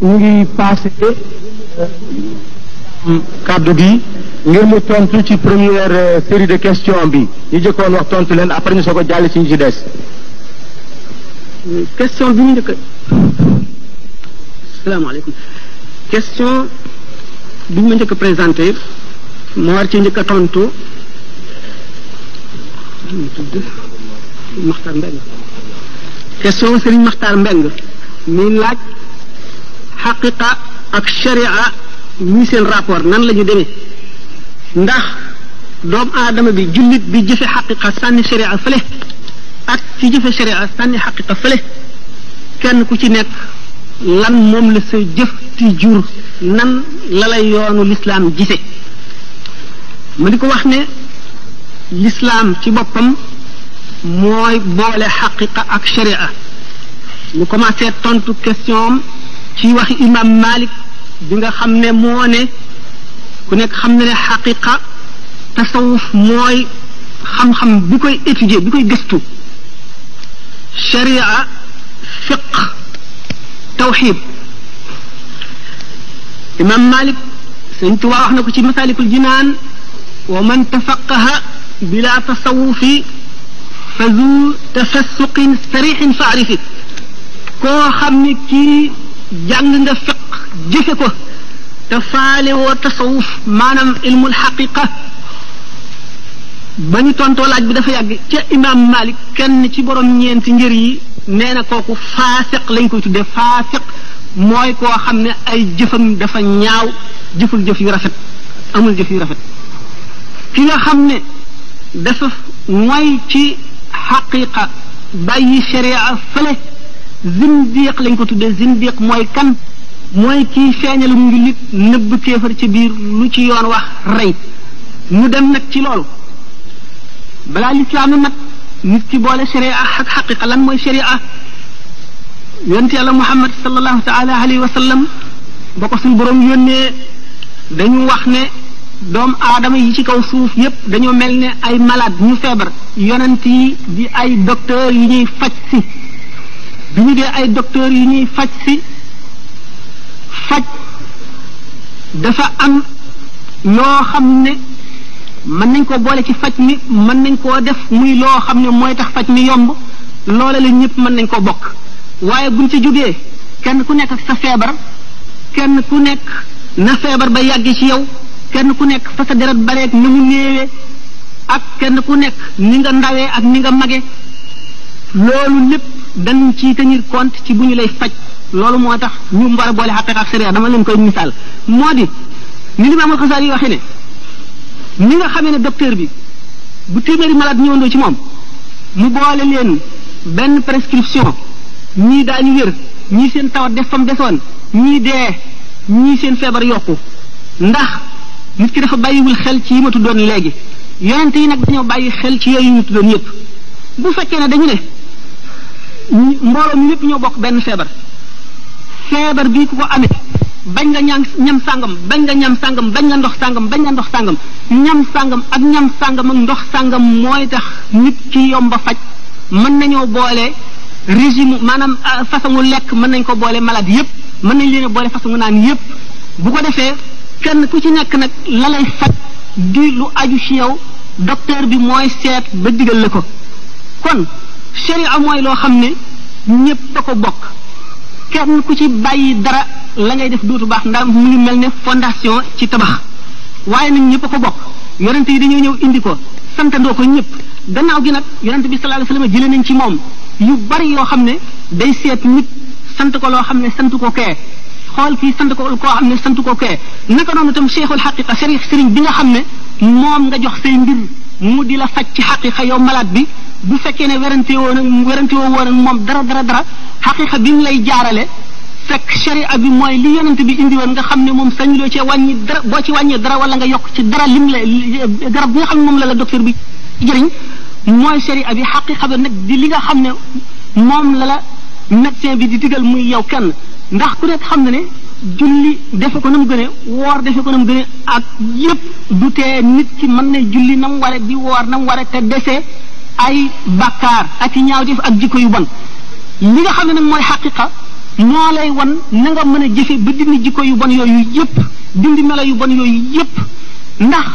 ñu ngi passé euh, kàddu gi ngir mu tontu ci première euh, série de question bi ñu jëkkoon wax tontu leen après ñu soog ko jàll ci ñu ci des. Euh, question bi ñu njëkk a. salaamaaleykum question bi ñu ci njëkk a tontu. Maxtar Mbeng question Serigne Maxtar Mbeng mi laaj. xaqiqa ak sharia ñuy seen rapport nan la ñu demee ndax doomu aadama bi jullit bi jëfe xaqiqa sànni sharia fële ak ci jëfe sharia sànni xaqiqa fële kenn ku ci nekk lan moom la sa jëf ci jur nan la lay yoonu lislaam gise ma di ko wax ne lislaam ci boppam mooy boole xaqiqa ak sharia ñu commencé tontu question ci waxi imam malik bi nga xam ne moo ne ku nekk xam ne ne xaqiqa tasawuf mooy xam-xam bi koy étudier bi koy gëstu sharia fiq tawxid imam malik sëñ Tuubaa wax na ko ci masalikul jinaan wa man tafaqaha bila tasawufi fa zu tafassuqin sarixin fa arifi jàng nga fiq jëfe ko te faale woo tasawuf maanaam ilmul bañu ba tontoo laaj bi dafa yàgg ca imaam Malik kenn ci borom ñeenti ngir yi nee na kooku faasiq lañ koy tuddee faasiq mooy koo xam ne ay jëfam dafa ñaaw jëful jëf yu rafet amul jëf yu rafet ki nga xam ne dafa mooy ci xaqiqa bàyyi sharia fële zindiq lañ ko tuddee zindiq mooy kan mooy kiy feeñal mu ngi nit nëbb kéefar ci biir lu ci yoon wax rey ñu dem nag ci loolu balaa lislaam nag nit ki boole sharia ak xaqiqa lan mooy sharia yonent yàlla muhammad sallallahu taala alayhi wa sallam ba ko suñu boroom yónnee dañu wax ne doomu aadama yi ci kaw suuf yépp dañoo mel ne ay malade ñu feebar yonent yi di ay docteur yi ñuy faj si bi ñu dee ay docteur yu ñuy faj si faj dafa am yoo xam ne mën nañ ko boole ci faj mi mën nañ koo def muy loo xam ne mooy tax faj mi yomb loola la ñëpp mën nañ koo bokk waaye buñ ci jógee kenn ku nekk ak sa feebar kenn ku nekk na feebar ba yàgg ci yow kenn ku nekk fa sa deret bareeg ni mu néewee ak kenn ku nekk ni nga ndawee ak ni nga magee loolu lépp dañ ci tenir compte ci bu ñu lay faj loolu moo tax ñu war a boole xaqiqa ak sariya dama leen koy misaal moo di ni Limaamul Xasaali yi waxee ne ni nga xamee ne docteur bi bu téeméeri malade ñëwandoo ci moom mu boole leen benn prescription ñii daañu wér ñii seen tawat def fam desoon ñii dee ñii seen feebar yokku ndax nit ki dafa bàyyiwul xel ci yimatu doon léegi yonent yi nag dañoo bàyyi xel ci yooyu ñu tuddoon yépp bu fekkee ne dañu ne mbooloo mi ñëpp ñoo bokk benn feebar feebar bi ku ko amee bañ nga ñam ñam sàngam bañ nga ñam sàngam bañ nga ndox sàngam bañ nga ndox sàngam ñam sàngam ak ñam sàngam ak ndox sàngam mooy tax nit ki yomb a faj mën nañoo boole régime maanaam euh, façon lekk mën nañ ko boole malade yépp mën nañ leen a boole façon naan yépp bu ko defee kenn ku ci nekk nag la lay faj di lu aju ci yow docteur bi mooy seet ba digal la ko sharia amooy loo xam ne ñépp a ko bokk kenn ku ci bàyyi dara la ngay def duutu baax ndax mu ngi mel ne fondation ci tabax waaye nag ñépp a ko bokk yonent yi dañuy ñëw indi ko santandoo ko ñépp gannaaw gi nag yonent bi sallallahu alayhi wasallam jëlee nañ ci moom yu bari yoo xam ne day seet nit sant ko loo xam ne sant ko kee xool fii sant ko koo xam ne sant ko kee naka noonu itam cheikhul xaqiqa sëriñ sëriñ bi nga xam ne moom nga jox say mbir mu di la faj ci xaqiqa yow malaat bi bu fekkee ne werante woon werante woo woon moom dara dara dara xaqiqa bi lay jaarale fekk sharia bi mooy li yonent bi indi woon nga xam ne moom sañ loo cee wàññi dara boo ci wàññee dara wala nga yokk ci dara lim la garab bi nga xam ne moom la la docteur bi jëriñ mooy sharia bi xaqiqa ba nag di li nga xam ne moom la la bi di digal muy yow kenn ndax ku nekk xam na ne julli defe ko na mu gënee woor defe ko na mu gënee ak yépp du tee nit ki mën na julli na mu ware di woor na mu ware te desee ay bakkaar ak i ñaaw def ak jikko yu bon li nga xam ne nag mooy xaqiqa moo lay won na nga mën a jëfe ba dindi jikko yu bon yooyu yëpp dindi melo yu bon yooyu yëpp ndax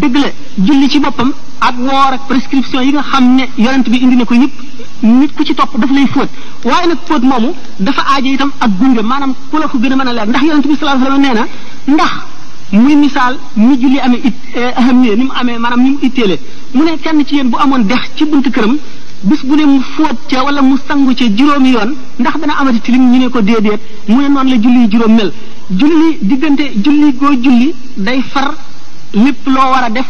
dëgg la julli ci boppam ak woor ak prescription yi nga xam ne yonent bi indi na ko yëpp nit ku ci topp daf lay fóot waaye nag fóot moomu dafa aaje itam ak gunge maanaam ku la ko gën a mën a leer ndax yonent bi sallallahu alayhi na ndax muy misaal ni julli amee it eh, ahamee ni mu amee maanaam ni mu itteele mu ne kenn ci yéen bu amoon dex ci buntu këram bis bu ne mu fóot ca wala mu sangu ca juróomi yoon ndax dana amati tilim ñu ne ko déedéet mu ne noonu la julli juróom mel julli diggante julli goo julli day far lépp loo war a def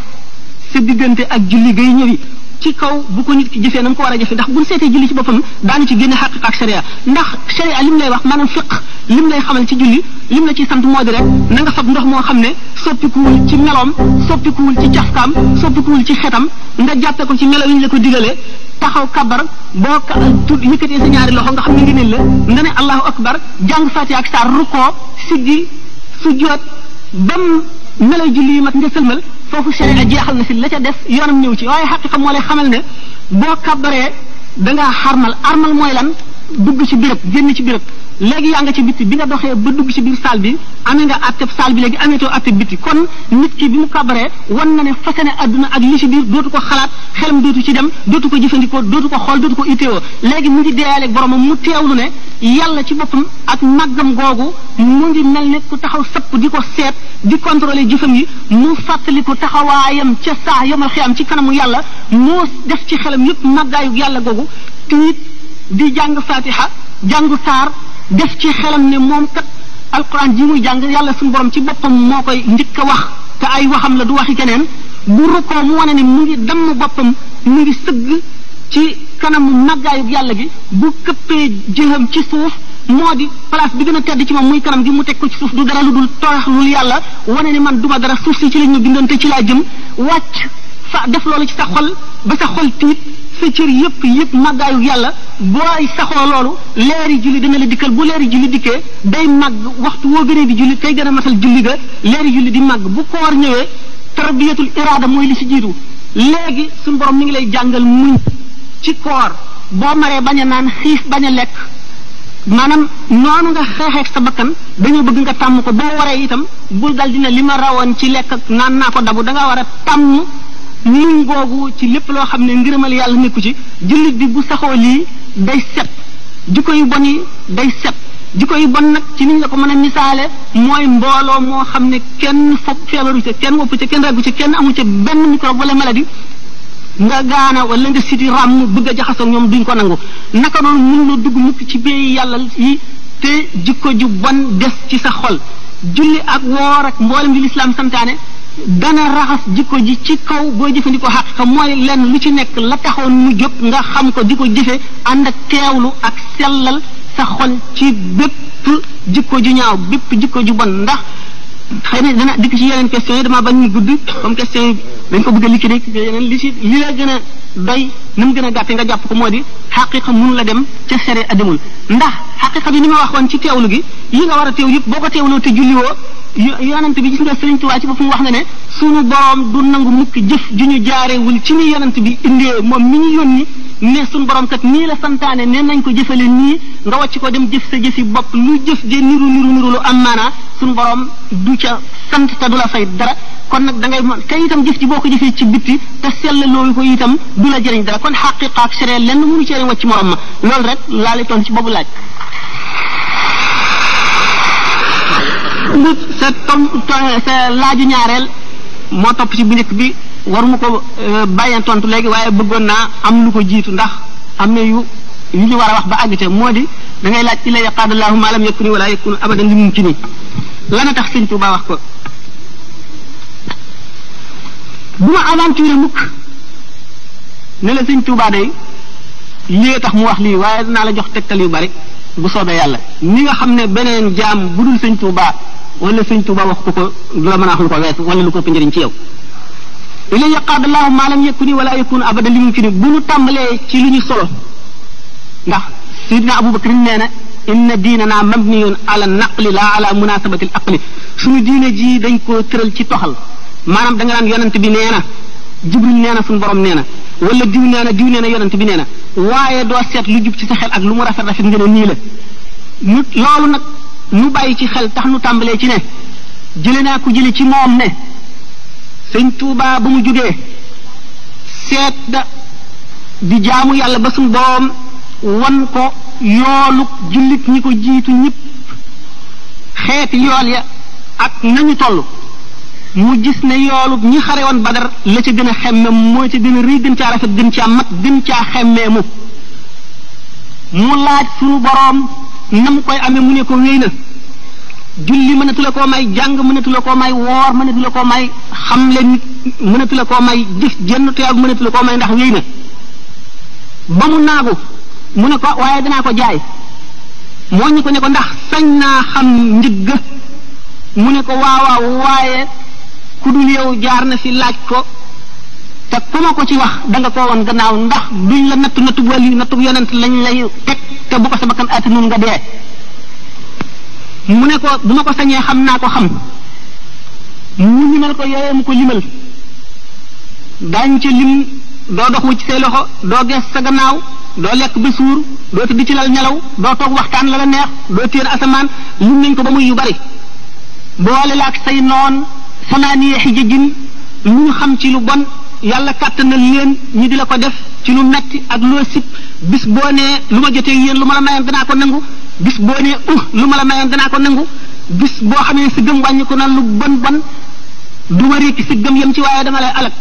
sa diggante ak julli gay ñëwi ci kaw bu ko nit ki jëfee na mu ko war a jëfee ndax buñ seetee julli ci boppam daanu ci génne xaqiqa ak sharia ndax sharia lim lay wax maanaam fiq lim lay xamal ci julli lim la ci sant moo di rek na nga ndox moo xam ne soppikuwul ci meloom soppikuwul ci cafkaam soppikuwul ci xetam nga jàppe ko ci melo yi la ko digalee taxaw kabar boo tu yëkkatee sa ñaari loxo nga xam ne ngëneel la nga ne allahu akbar jàng fatiha ak saar rukkoo siggi sujjoot bam melo julli yu mat nga sëlmal foofu sharia jeexal na si la ca des yoonam ñëw ci waaye xaqiqa moo lay xamal ne boo kabaree danga ngaa xarmal armal mooy lan dugg ci béréb génn ci béréb léegi yaa nga ci bitti bi nga doxee ba dugg ci biir saal bi amee nga atteb saal bi léegi ameetoo atteb bitti kon nit ki bi mu kabaree wan na ne ne àdduna ak li ci biir dootu ko xalaat xelam dootu ci dem dootu ko jëfandikoo dootu ko xool dootu ko itteewoo léegi mu ngi deeyaaleeg boromam mu teewlu ne yàlla ci boppam ak maggam googu mu ngi mel ne ku taxaw sëpp di ko seet di contrôler jëfam yi mu fàttali ko taxawaayam ca saa yomal xiyam ci kanamu yàlla def ci xelam yépp màggaayu yàlla googu tiit di jàng fatiha jàngu saar def ci xelam ne moom kat alquran ji muy jàng yàlla suñu borom ci boppam moo koy njëkk a wax te ay waxam la du waxi keneen bu rukkoo mu wane ne mu ngi damm boppam mu ngi sëgg ci kanamu màggaayub yàlla gi bu këppee jëxam ci suuf moo di place bi gën a tedd ci moom muy kanam gi mu teg ci suuf du dara lu dul torax lul yàlla wane ne man duma dara suuf si ci lañ ma bindoon te ci laa jëm wàcc fa def loolu ci sa xol ba sa xol tiit sa cër yëpp yëpp màggaayu yàlla booy saxoo loolu leeri julli dana la dikkal bu leeri julli dikkee day màgg waxtu woo gënee di julli tey gën a masal julli ga leeri julli di màgg bu koor ñëwee tarbiyatul iraada mooy li si jiitu léegi su borom mu ngi lay jàngal muñ ci koor boo maree bañ a naan xiif bañ a lekk maanaam noonu nga xeexeeg sa bakkan dañoo bëgg nga tàmm ko boo waree itam bul dal dina li ma rawoon ci lekk naan naa ko dabu da nga war a tàmm ñun googu ci lépp loo xam ne ngërëmal yàlla nekku ci jullit bi bu saxoo lii day set jikko yu bon yi day set jikko yu bon nag ci niñ la ko mën a misaale mooy mbooloo moo xam ne kenn foog feebaru ca kenn woppu ci kenn reggu ci kenn amu ca benn microbe wala maladie nga gaana wala nga siti ràmm bëgg a jaxasoo ñoom duñ ko nangu naka noonu mun na dugg mukk ci biir yàlla yi te ko ju bon des ci sa xol julli ak woor ak mboole bi lislaam santaane dana raxas jikko ji ci kaw booy jëfandikoo xàq mooy lenn lu ci nekk la taxoon mu jóg nga xam ko di ko jëfe ànd ak teewlu ak sellal sa xol ci bépp jikko ju ñaaw bépp jikko ju bon ndax xëy na dana dikk ci yeneen question yi damaa bañ ñu gudd comme question yi dañ ko bëgg a liquider yeneen li ci li la gën a doy ni mu gën a gàtte nga jàpp ko moo di xaqiqa mënu la dem ca sere a demul ndax xaqiqa bi ni ma waxoon ci teewlu gi li nga war a teew yëpp boo ko teewloo te julliwoo yonent bi gis nga Sëriñ Tuubaa ci boppam wax na ne sunu borom du nangu mukk jëf ju ñu jaarewul ci ni yonent bi indee moom mi ñu yónni ne sunu borom kat nii la santaane ne nañ ko jëfale nii nga wàcc ko dem jëf sa jëfi bopp lu jëf de niru niru niru lu am maanaa sunu borom du ca sant te du la fay dara kon nag da ngay mën te itam jëf ji boo ko jëfee ci bitti te sell loolu ko itam du la jëriñ dara kon xaqiqa ak sharia lenn mënu cee wàcc morom ma loolu rek laa ci boobu laaj. ndax sa tom sa laaju ñaareel moo topp ci bu njëkk bi war mu ko euh, bàyyeen tontu léegi waaye bëggoon naa am lu ko jiitu ndax am na yu yu ñu war a wax ba àgg ca moo di da ngay laaj illa yaqaad allahu ma lam yakuni wala yakunu abadan li mumkini lan a tax sëñ Tuubaa ko bu ma aventure mukk ne la sëñ Tuubaa day lii tax mu wax lii waaye dinaa la jox tegtal yu bari bu soobee yàlla ni nga xam ne beneen jaam bu dul sëñ Tuubaa wala sëñ Tuuba wax ku ko du la a lu ko wees wala lu ko ëpp njëriñ ci yow ilay yaqaad allahu ma lam yakuni wala yakunu abada li mu bu ñu tàmbalee ci lu ñu solo ndax sidna abubakar nee na inna diinana mabniyun ala naqli la ala munasabati al aqli suñu diine ji dañ ko tëral ci toxal maanaam da nga naan bi nee na jibril nee na suñu borom nee na wala diw nee na diw nee na yonent bi nee na waaye doo seet lu jub ci sa xel ak lu mu rafet rafet ngeen nii la nu bàyyi ci xel tax nu tàmbalee ci ne jële naa ko jële ci moom ne sëñ Tuubaa bu mu jógee seet da di jaamu yàlla ba suñu borom wan ko yoolu jullit ñi ko jiitu ñépp xeeti yool ya ak nañu toll mu gis ne yoolub ñi xare woon badar la ca gën a xemme mooy ca gën a rëy gën caa rafet gën caa mat gën caa xemmeemu mu laaj suñu boroom nam koy amee mu ne ko wéy na julli mënatu la koo may jàng mënatu la koo may woor mënatu la koo may xam le nit mënatu may ndax wéy na ba mu naagu mu ne ko waaye danaa ko jaay moo ñu ko ne ko ndax sañ naa xam njëgg mu ne ko waawaaw waaye ku yow jaar na fi laaj ko te ku ma ko ci wax da nga koo woon gannaaw ndax duñ la nattu nattu wàllu nattu yonent lañ lay teg te bu ko sa bakkan nga dee mu ne ko bu ma ko sañee xam naa ko xam mu limal ko yooyee mu ko limal daañ ca lim doo doxu ci say loxo doo gees sa gannaaw doo lekk ba suur doo tëdd ci lal nelaw doo toog waxtaan la la neex doo téer asamaan lim nañ ko ba muy yu bari boole laak say noon samaaniye xijajin lu ñu xam ci lu bon yàlla kàttanal leen ñu di la ko def ci lu metti ak loo sib bis boo nee lu ma jotee yéen lu ma la mayoon danaa ko nangu bis boo nee uh lu ma la mayoon danaa ko nangu bis boo xamee si gëm na lu bon bon du ma rékki si yem ci waaye dama lay alag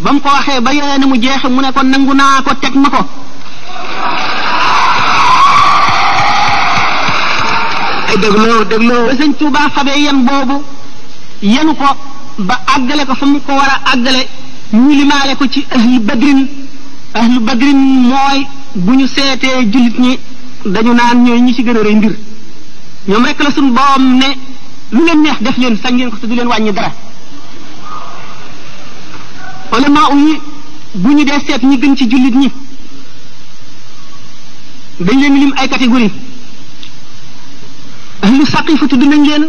ba mu ko waxee ba yooyee ne mu jeexe mu ne ko nangu naa ko teg ma ko dégloo dégloo ba sëñ Tuubaa fabee yen boobu yenu ko ba àggale ko fa mu ko war àggale ñu limaale ko ci ahli badrin ahlu badrin mooy bu ñu seetee jullit ñi dañu naan ñooy ñi ci gën a rëy mbir ñoom rek la suñu boom ne lu leen neex def leen sañ leen ko te du leen wàññi dara ulamaa yi bu ñu dee seet ñi gën ci jullit ñi dañ leen lim ay catégorie ahlu saqifa tudd nañ leen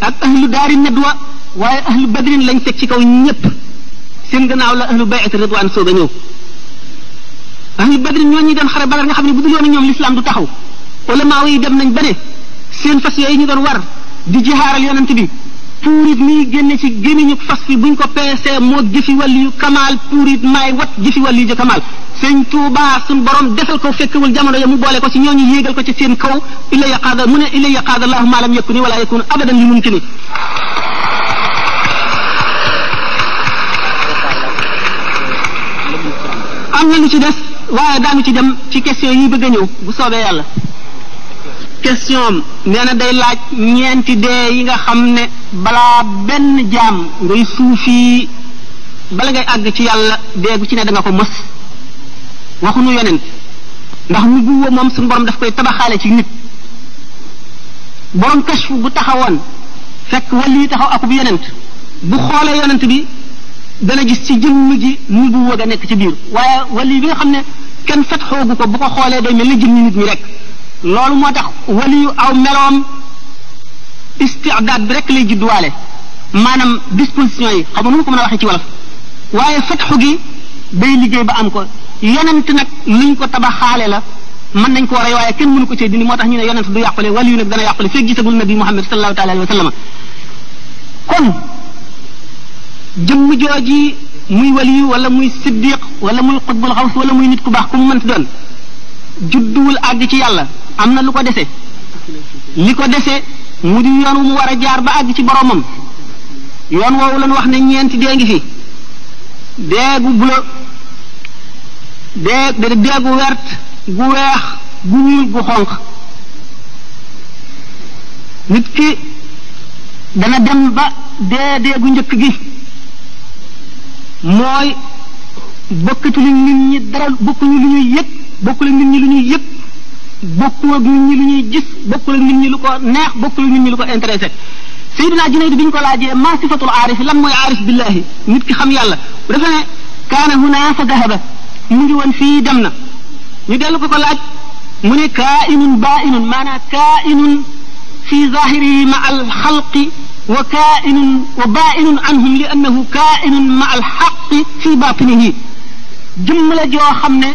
ak ahlu daari nadwa waaye ahlu badrin lañ teg ci kaw ñépp seen gannaaw la ahlu bay'at ridwan soog a ñëw ahlu badri ñoo ñi doon xare badar nga xam ne bu dul woon ñoom lislaam du taxaw ulama yi dem nañ ba ne seen fas yooyu ñu doon war di jihaaral yonent bi puurit mii génne ci gémmiñu fas fi buñ ko peesee moo jëfi wàlliyu kamaal puurit maay wat jëfi wàlliyu ji kamaal sëñ Tuubaa suñ borom defal ko fekkewul jamono ya mu boole ko ci ñooñu yéegal ko ci seen ko illa yaqaada mu ne illa yaqaada allahu maalam yakuni wala yakun am na lu ci des waaye daanu ci dem ci question yi bëgg a ñëw bu soobee yàlla question am nee na day laaj ñeenti dee yi nga xam ne balaa benn jaam ngay suufi bala ngay àgg ci yàlla dee bu ci ne da nga ko mos waxuñu yonent ndax mu buwa moom suñu borom daf koy tabaxaale ci nit borom kashfu bu taxawoon fekk wali taxaw akub yonent bu xoolee yonent bi dana gis ci jëmm ji nubuwa ga nekk ci biir waaye wali bi nga xam ne kenn fetxoogu ko bu ko xoolee day mel ni jëmmi nit ñi rek loolu moo tax waliyu aw meloom istidaad bi rek lay judduwaale maanaam disposition yi xam nu ma ko mën a waxee ci wolof waaye fetxu gi day liggéey ba am ko yonent nag luñ ko tabaxaale la mën nañ ko war waaye kenn mënu ko cee dindi moo tax ñu ne yonent du yàqule waliyu nag dana yàqule fekk gisagul nabi Muhammad sallallahu taala alayhi wa jëmm jooji muy waliyu wala muy siddiq wala muy xutbul xaws wala muy nit ku baax ku mu mënti doon judduwul àgg ci yàlla am na lu ko dese li ko dese mu di yoon wu mu war a jaar ba àgg ci boromam yoon woowu lañ wax ne ñeenti dee ngi fi dee gu bula dee dee gu wert gu weex gu ñuul gu xonq nit ki dana dem ba dee dee gu njëkk gi mooy bokkati lu nit ñi dara bokkuñu lu ñuy yëg bokkul ak nit ñi lu ñuy yëg bokkul ak nit ñi lu ñuy gis bokkul ak nit ñi lu ko neex bokkul ak nit ñi lu ko intéressé Seydina Junayd bi ñu ko laajee ma sifatul aarif lan mooy aarif billahi nit ki xam yàlla bu defee ne kaana huna fa dahaba mu ngi woon fii dem na ñu dellu ko ko laaj mu ne kaa inun baa inun maanaa kaa inun fi zahirihi ma al wa kainun wa bainun anhum li annahu kainun ma alxaqi fi batinihi jëmm la joo xam ne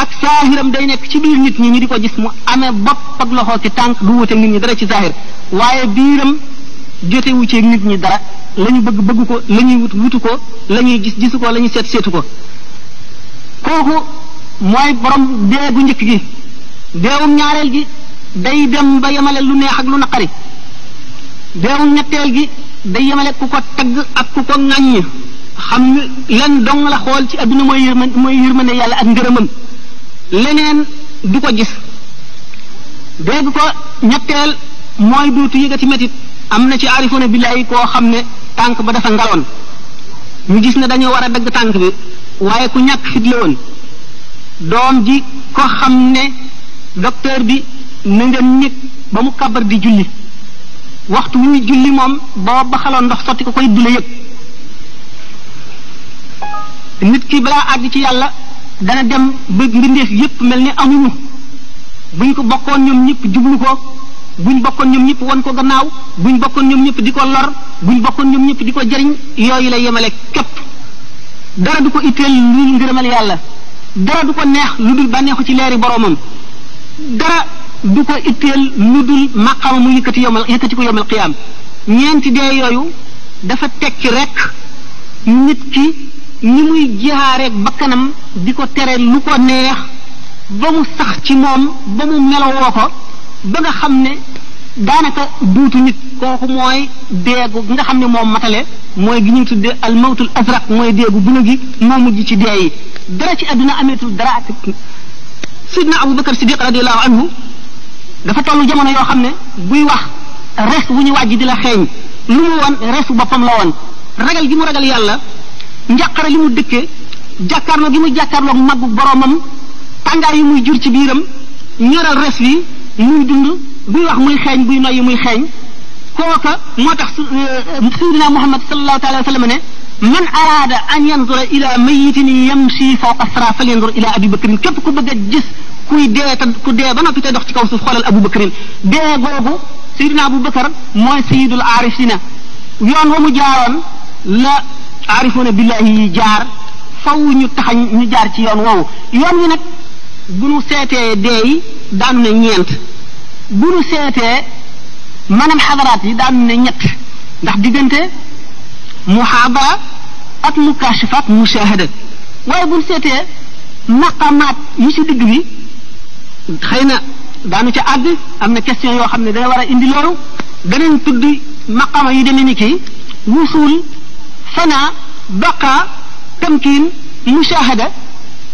ak saahiram day nekk ci biir nit ñi ñu di ko gis mu amee bopp ak loxo ci tànk du wuute nit ñi dara ci saahir waaye biiram jotewu ci nit ñi dara la ñu bëgg bëgg ko la ñuy wut wutu ko la ñuy gis gisu ko la seet seetu ko kooku mooy borom dee gu njëkk gi deewum ñaareel gi day dem ba yemale lu neex ak lu naqari beewu ñetteel gi day yemale ku ko tagg ak ku ko ŋàññ xam ne lan dong la xool ci adduna mooy yërma mooy yërmande yàlla ak ngërëmam leneen du ko gis dégg ko ñetteel mooy duutu yëgati métit am na ci arifuna billahi koo xam ne tànk ba dafa ngaloon ñu gis ne dañoo war a dagg tànk bi waaye ku ñàkk fit la doom ji ko xam ne docteur bi na nga nit ba mu kabar di julli waxtu wu ñuy julli moom boo baxaloo ndox sotti ko koy dula yëg nit ki balaa àgg ci yàlla dana dem ba mbindeef yëpp mel ni amuñu buñ ko bokkoon ñoom ñëpp jublu ko buñ bokkoon ñoom ñëpp won ko gannaaw buñ bokkoon ñoom ñëpp di ko lor buñ bokkoon ñoom ñëpp di ko jëriñ yooyu la yemale képp dara du ko itteel lu ngërëmal yàlla dara du ko neex lu dul bànneexu ci leeri boroomam dara du ko itteel lu dul maqaama mu yëkkati yomal yëkkati ko yomal qiyaam ñeenti dee yooyu dafa tekki rek nit ki ni muy jaareeg bakkanam di ko tere lu ko neex ba mu sax ci moom ba mu melowoo ko ba nga xam ne daanaka duutu nit kooku mooy deegu nga xam ne moom matale mooy gi ñuy tuddee al mawtul azraq mooy deegu bu gi moo mujj ci dee yi dara ci àdduna ameetul dara sidna abubakar siddiq radiallahu anhu dafa tollu jamono yoo xam ne buy wax res wu ñu wàjj di la xeeñ lu mu woon resu boppam la woon ragal gi mu ragal yàlla njàqare li mu dëkke jàkkaarloo gi mu jàkkaarloog màggu boromam tàngaar yi muy jur ci biiram ñoral res wi muy dund buy wax muy xeeñ buy noyyi muy xeeñ kooka moo tax sayyidina euh, euh, muhammad sallallahu alayhi wa sallam ne man araada an yanzura ila mayitin yamshi fawqa sara falyanzur ila abi bakrin képp ku bëgg a gis kuy dee te ku dee ba noppi te dox ci kaw suuf xoolal Abu Bakrin dee googu Seydina Abu Bakar mooy Seydul na yoon wa mu jaaroon la aarifuuna billahi yi jaar faw ñu taxañ ñu jaar ci yoon woowu yoon wi nag bu nu seetee dee yi daanu ne ñeent bu nu seetee maanaam xadaraat yi daanu ne ñett ndax diggante muhaadara ak mukaashafaat mushahada waaye bu nu seetee maqamaat yi ci digg bi xëy na daanu ca àgg am na question yoo xam ne dana war a indi loolu danañ tudd maqama yi demee ni kii wusuul fanaa baqa tamkiin mushahada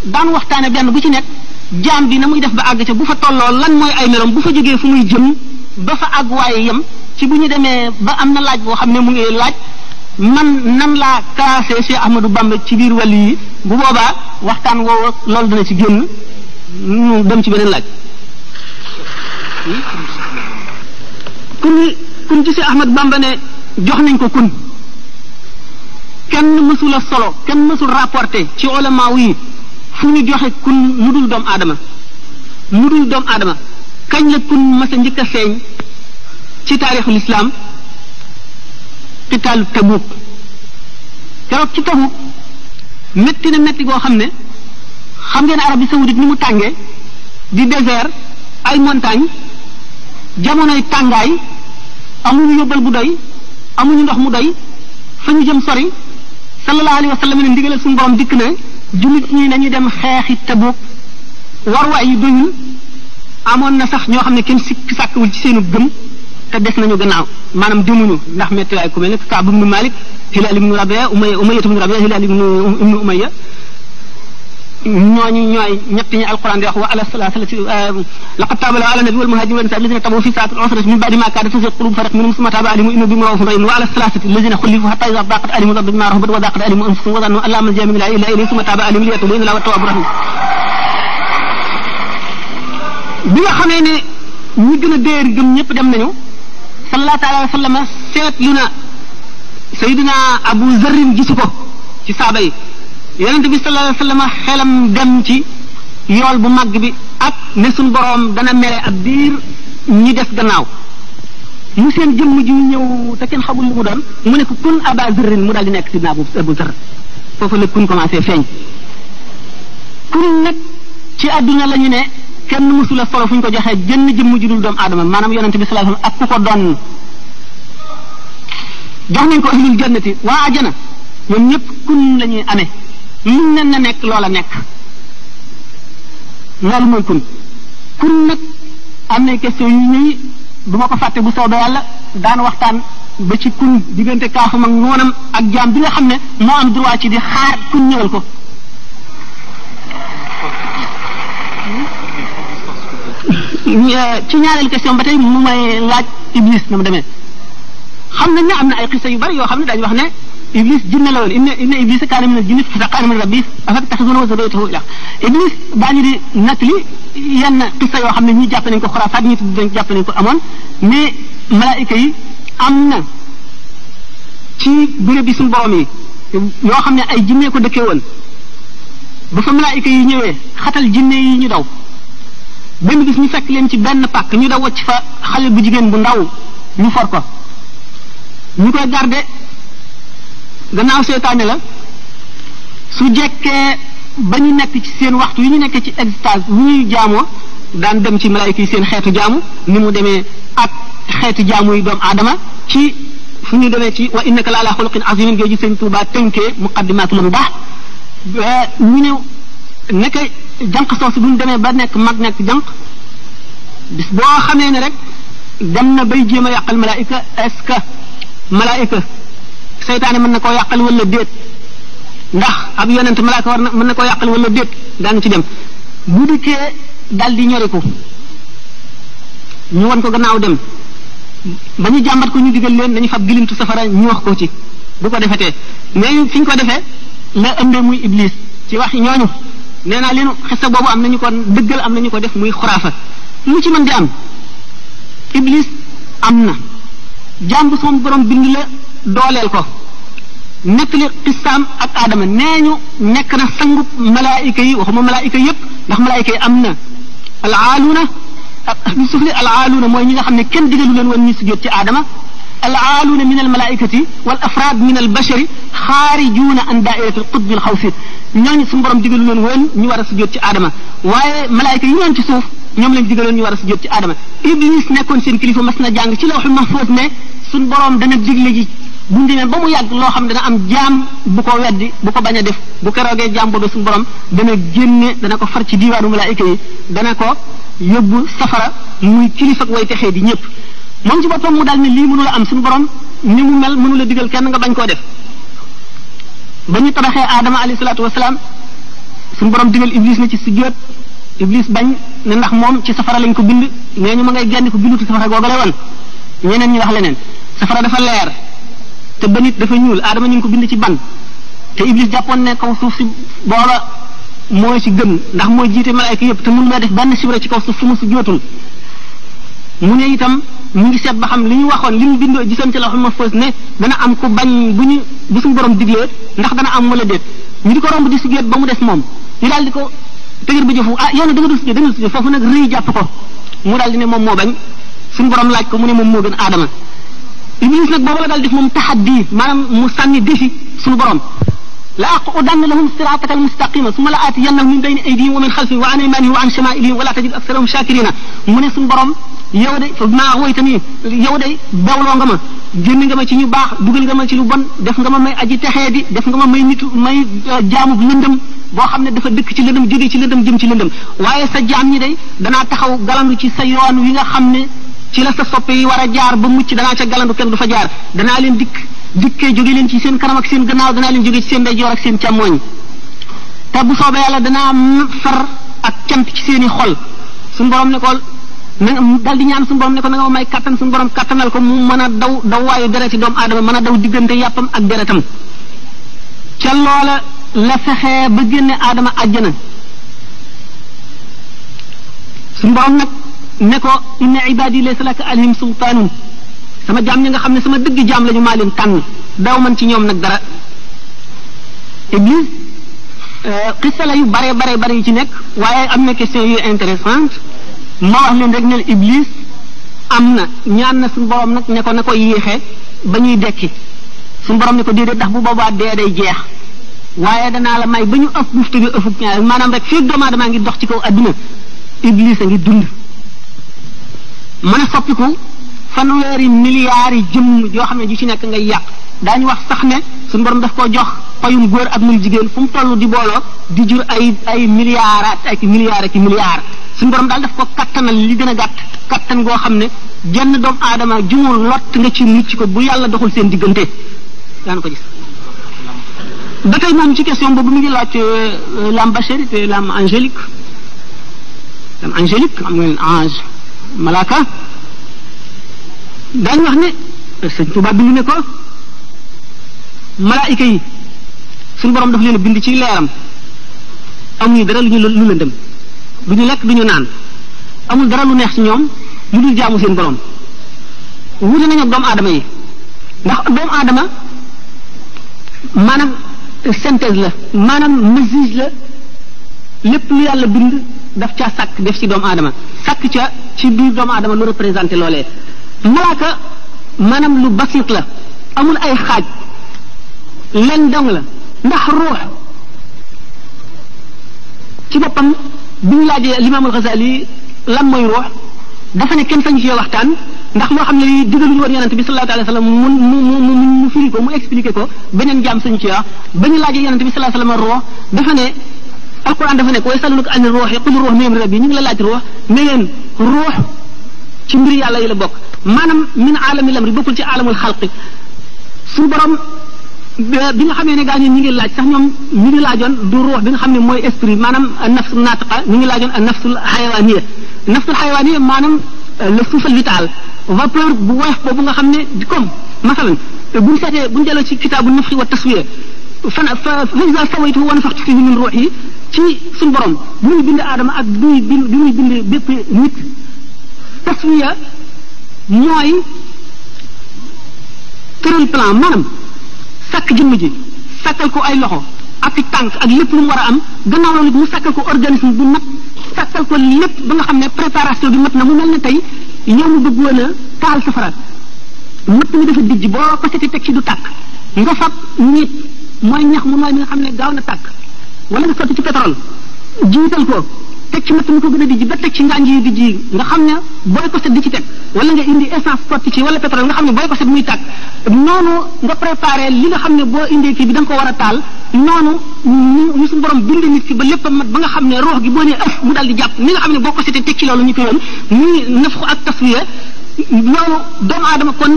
daan waxtaane benn bu ci nekk jaam bi na muy def ba àgg ca bu fa tolloo lan mooy ay merom bu fa jógee fu muy jëm ba fa àgg waaye yem ci bu ñu demee ba am na laaj boo xam ne mu ngi laaj man nan laa classé Cheikh Ahmadou Bamba ci biir walli yi bu boobaa waxtaan woowu loolu dana ci génn mu dem ci beneen laaj kun kun ci Ahmad Bamba ne jox nañ ko kun kenn mësula solo kenn mësul rapporte ci ulama yi fu ñu joxe kun lu dul doomu aadama lu dul doomu aadama kañ la kun masa njëkk a feeñ ci taarixul islaam qitaalu Tabuk keroog ci Tabuk métti na métti goo xam ne xam ngeen bi saoudite ni mu tàngee di désert ay montagne jamonoy tàngaay amuñu yóbbal bu doy amuñu ndox mu doy fa ñu jëm sori sallallahu alayhi wa sallam ne ndigalal suñu borom dikk na jullit ñi nañu dem xeexi Tabuk warwaay yu doyul amoon na sax ñoo xam ne kenn sikki sàkkwul ci seenu gëm te des nañu gannaaw maanaam demuñu ndax métti waay ku mel ne Kaab ibnu Malik Hilaal ibnu Rabia Umayya Umayya ibnu Rabia Hilaal ibnu Umayya ñooñu ñooy ñett ñi alquran di wax wa ala salasalati euh, laqad taaba Allahu ala nabi wal muhajirin alladhina tabu fi sa'atil usrati min ba'di ma kadat tazigh qulub fariqin minhum thumma taaba alayhim innahu bihim ra'ufun rahim wa ala salasati alladhina khulifu hatta idha daqat alayhim al-ardu bima rahabat wa daqat alayhim anfusuhum wa dhannu an la malja'a min Allahi illa ilayhi thumma taaba alayhim liyatubu inna Allaha tawwabun rahim bi nga xamee ne ñi gën a déer gëm ñëpp dem nañu sallallahu alayhi wa sallam seetlu na sayyidina Abu Zarrin gisu ko ci saaba yi yonent bi sallallahu alayhi wa sallam xelam dem ci yool bu màgg bi ak ne suñ boroom dana mere ab diir ñi des gannaaw mu seen jëmm ji ñëw te kenn xamul lu mu doon mu ne ko kun aba zërrin mu daal di nekk sidna abu abu zër foofu la kun commencé feeñ kun nag ci àdduna la ñu ne kenn mësula solo fu ñu ko joxee jënn jëmm ji dul doomu aadama maanaam yonent bi sallallahu alayhi wa sallam ak ku ko doon jox nañ ko waa ajana ñoom ñëpp kun la ñuy amee lu nen na nekk loola nekk loolu mooy kun kun nag am na question yu ñuy du ma ko fàtte bu soodo yàlla daan waxtaan ba ci kun diggante kaafam ak noonam ak jaam bi nga xam ne moo am droit ci di xaar kun ñëwal ko ci ñaareelu question ba tey mu may laaj iblis na mu demee xam na ñu am na ay xisa yu bari yoo xam ne dañu wax ne iblis jinne la woon inna inna iblisa kaana min al-jinni fastaqaana min rabbihi afattaxazuunahu wa zurriyyatahu ilaah iblis daañu di nettali yenn xisa yoo xam ne ñii jàpp nañ ko xuraafaat ñii tudd nañ jàpp nañ ko amoon mais malaayika yi am na ci béréb yi suñ borom yi yoo xam ne ay jinne ko dëkkee woon ba fa malaayika yi ñëwee xatal jinne yi ñu daw benn bis ñu fekk leen ci benn pàkk ñu daw wacc fa xale bu jigéen bu ndaw ñu for ko ñu koy garde gannaaw seetaane la su jekkee ba ñu nekk ci seen waxtu yi ñu nekk ci extase ñu ñuy jaamoo daan dem ci malaayika yi seen xeetu jaamu ni mu demee ak xeetu jaamu yi doomu aadama ci fu ñu demee ci wa innaka la ala xuluqin azimin géej gi sëñ Tuubaa tënkee muqaddimaatu lam baax ñu ñëw nekk jànq soosu bu ñu demee ba nekk mag nekk jànq boo xamee ne rek dem na bay jéema a yàqal malaayika est malaayika seytaane mën na koo yàqal wala déet ndax ab yonent malaaka war na mën na koo yàqal wala déet daan ci dem bu dikkee dal di ñoriku ñu won ko gannaaw dem ba ñu jàmbat ko ñu digal leen dañu fab gilintu safara ñu wax ko ci bu ko defetee mais fi ñu ko defee la ëmbee muy iblis ci wax ñooñu nee naa leenu xista boobu am nañu ko dëggal am nañu ko def muy xuraafa lu ci mën di am iblis am na jàmb sama borom bind la dooleel ko nettali xistaam ak aadama nee ñu nekk na sangub malaayika yi waxuma malaayika yépp ndax malaayika yi am na alaaluuna ñu suuf li alaaluuna mooy ñi nga xam ne kenn digalu leen woon ñu sujjóot ci aadama alaaluuna min al malaayikati wal afraad min al bashari xaarijuuna an daairati al qutbi al xawsi ñooñu suñu borom digalu leen woon ñu war a sujjóot ci aadama waaye malaayika yi ñoon ci suuf ñoom lañ digaloon ñu a sujjóot ci aadama iblis nekkoon seen kilifa mas na jàng ci lawxul mahfuus ne suñ borom dana digle ji buñ demee ba mu yàgg loo xam ne dana am jaam bu ko weddi bu ko bañ a def bu keroogee jaam boobu suñu borom dana génne dana ko far ci diwaanu malaayika yi dana ko yóbbu safara muy kilifa ak way texee di ñëpp moom ci boppam mu daal ne lii mënula am suñu borom ni mu mel mënula digal kenn nga bañ koo def ba ñu tabaxee aadama alayhi salaatu wasalaam suñu borom digal iblis na ci sujjóot iblis bañ ne ndax moom ci safara lañ ko bind nee ñu ma ngay genn ko bindu ci safara googu lay woon ñeneen ñi wax leneen safara dafa leer te ba nit dafa ñuul aadama ñu ngi ko bind ci ban te iblis jàppoon ne kaw suuf si booba mooy si gën ndax mooy jiite malaayka yëpp te mun naa def benn sibra ci kaw suuf su mu si jootul mu ne itam mu ngi seet ba xam li ñu waxoon li ñu bindoo gisoon ci la xam ma fës ne dana am ku bañ bu ñu bu suñu borom diglee ndax dana am wala déet ñu di ko romb di sujjóot ba mu des moom ñu daal di ko tëgër ba jëfu ah yow nag da nga foofu nag rëy jàpp ko mu daal ne moom moo bañ suñu borom laaj ko mu ne moom moo gën aadama Iblis nag boobu la daal def moom taxaddi maanaam mu sànni defi suñu borom la aqudanna lahum siraataka almustaqima summa la aatiyannahum min bayni aydihim wa min xalfihim wa an aymanihim wa an shamaa'ilihim wa laa tajidu aktharahum shaakirina mu ne suñu borom yow de fa maa woytani yow de dawloo nga ma génn nga ma ci ñu baax dugal nga ma ci lu bon def nga ma may aji texee di def nga ma may nitu may euh, jaamu lëndëm boo xam ne dafa dëkk ci lëndëm jóge ci lëndëm jëm ci lëndëm waaye sa jaam ñi day danaa taxaw galandu ci sa yoon wi nga xam ne ci la sa sopp yi war a jaar ba mucc danaa ca galandu kenn du fa jaar danaa leen dikk dikkee jóge leen ci seen kanam ak seen gannaaw danaa leen jóge ci seen ndeyjoor ak seen càmmooñ te bu soobee yàlla danaa far ak cant ci seen i xol suñu borom ne ko na di ñaan suñu borom ne ko na nga ma may kattan suñu borom kattanal ko mu mën a daw daw waayu dereti doomu aadama mën a daw diggante yàppam ak deretam ca loola la fexee ba génne aadama àjjana suñu borom nag ne ko inna ibadi laysa laka alhim sultaanun sama jaam ñi nga xam ne sama dëgg jaam lañu maa leen tànn daw man ci ñoom nag dara Iblis xissa euh, la yu bare bare bare yu ci nekk waaye am na question yu intéressante ma wax leen rek ne Iblis am na ñaan na suñu borom nag ne ko na ko yéexe ba ñuy dekki suñu borom ne ko déedéet ndax bu boobaa dee day jeex waaye danaa la may ba ñu ëpp muftu bi ëffuk ñaar maanaam rek fii doomu aadama ngi dox ci kaw adduna Iblis a ngi dund mën a soppiku fanweeri milliards yi jëmm yoo xam ne ji ci nekk ngay yàq daañu wax sax ne suñu borom daf koo jox payum góor ak muy jigéen fu mu toll di booloo di jur ay ay milliards ak ay milliards ak milliards suñu borom daal daf ko kattanal li gën a gàtt kattan goo xam ne jenn doomu aadama jumul lot nga ci mucc ko bu yàlla doxul seen diggante daan ko gis. ba tey moom ci question boobu mu ngi laaj euh, euh, lamba bacharique et l'âme angélique l'âme angélique am ngeen ange. malaaka daañu wax ne sëñ Tuubaa bind ne ko malaayika yi suñ borom daf leen bind ci leeram amuñu dara lu ñu lu lëndëm du ñu lekk du ñu naan amul dara lu neex ci ñoom lu dul jaamu seen borom wuute nañu doomu aadama yi ndax doomu aadama maanaam synthèse la maanaam message la lépp lu yàlla bind daf ca sakk def ci doomu aadama sàkk ca ci biir doomu aadama lu représenté loolee malaaka maanaam lu basit la amul ay xaaj leen dong la ndax ruux ci boppam bi ñu laajee limaamul Xasaali lan mooy ruux dafa ne kenn sañu ci waxtaan ndax loo xam ne lii digaluñu woon yonante bi sallallahu alayhi wa sallam mu mu mu mu firi ko mu expliqué ko beneen jaam sañu ci wax ba ñu laajee yonante bi sallallahu alayhi wa ruux dafa ne alquran dafa nekk way salunaka ani ruuxi qul ruux min amri rabbi ñu ngi la laaj ruux ci mbir yàlla yi la bokk maanaam min aalami lamri bokkul ci aalamul xalqi suñu borom eh, bi nga xamee ne gaa ñi ñu ngi laaj sax ñoom ñu ngi laajoon du ruux bi nga xam ne mooy esprit maanaam nafsu naataqa ñu ngi laajoon ak nafsul xayawaaniya nafsul xayawaaniya maanaam eh, le souffle vital vapeur bu woyof boobu nga xam ne di comme masalan buñ seetee buñ delloo ci kitaabu nafxi wa taswiya fan fa isa sawaytu wa nafaxtu fihi min ruux ci suñu borom bi muy bind aadama ak bi muy bind bi muy bind bépp nit taswiya mooy tëral plan maanaam sàkk jëmm ji sàkkal ko ay loxo ak tànk ak lépp lu war a am gannaaw loolu mu sàkkal ko organisme bu mat sàkkal ko lépp ba nga xam ne préparation bi mat na mu mel ne tey yow mu bëgg woon a taal safara matt mi dafa dijj boo ko seeti teg ci du tàkk nga fab nit mooy ñax mu nooy mi nga xam ne gaaw na tàkk wala nga sotti ci pétrole jiital ko teg ci matt mi ko gën a dijji ba teg ci nganj yu dijji yi nga xam ne booy ko set di ci teg wala nga indi essence sotti ci wala pétrole nga xam ne booy ko set muy tàkk noonu nga préparé li nga xam ne boo indee kii bi da nga ko war a taal noonu ñu suñu borom bind nit ki ba lépp mat ba nga xam ne roox gi boo nee ëf ah, mu daal di jàpp mi nga xam ne boo ko setee teg ci loolu ñu ko woon muy nafxu ak taswiya loolu doomu aadama kon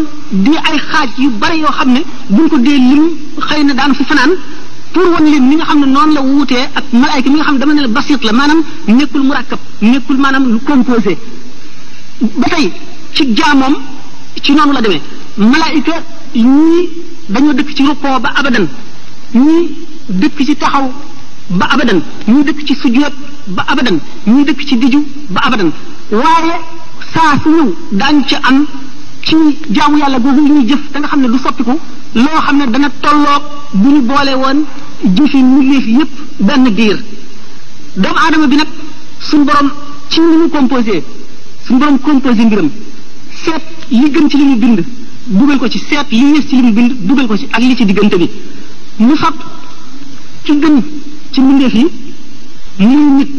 xaaj yu bari yoo xam ne buñ ko dee lim xëy na daan fi fanaan pour wan leen ni nga xam ne noonu la wuutee ak malaayka mi nga xam ne dama ne la basit la maanaam nekkul murakkab nekkul maanaam lu composé ba tey ci jaamoom ci noonu la demee malaayka ñii dañoo dëkk ci rukkoo ba abadan ñii dëkk ci taxaw ba abadan ñii dëkk ci sujjóot ba abadan ñii dëkk ci diju ba abadan waaye saa su ñëw daañu ci am ci jaamu yàlla googu li ñuy jëf da xam ne du soppiku loo xam ne dana tolloog bu ñu boole woon jëfi mbindeef yépp benn biir doomu aadama bi nag suñ borom ci li mu composé suñ borom composé mbiram seet li gën ci li mu bind dugal ko ci seet li yées ci li mu bind dugal ko ci ak li ci diggante bi mu fab ci gën ci mbindeef yi muy nit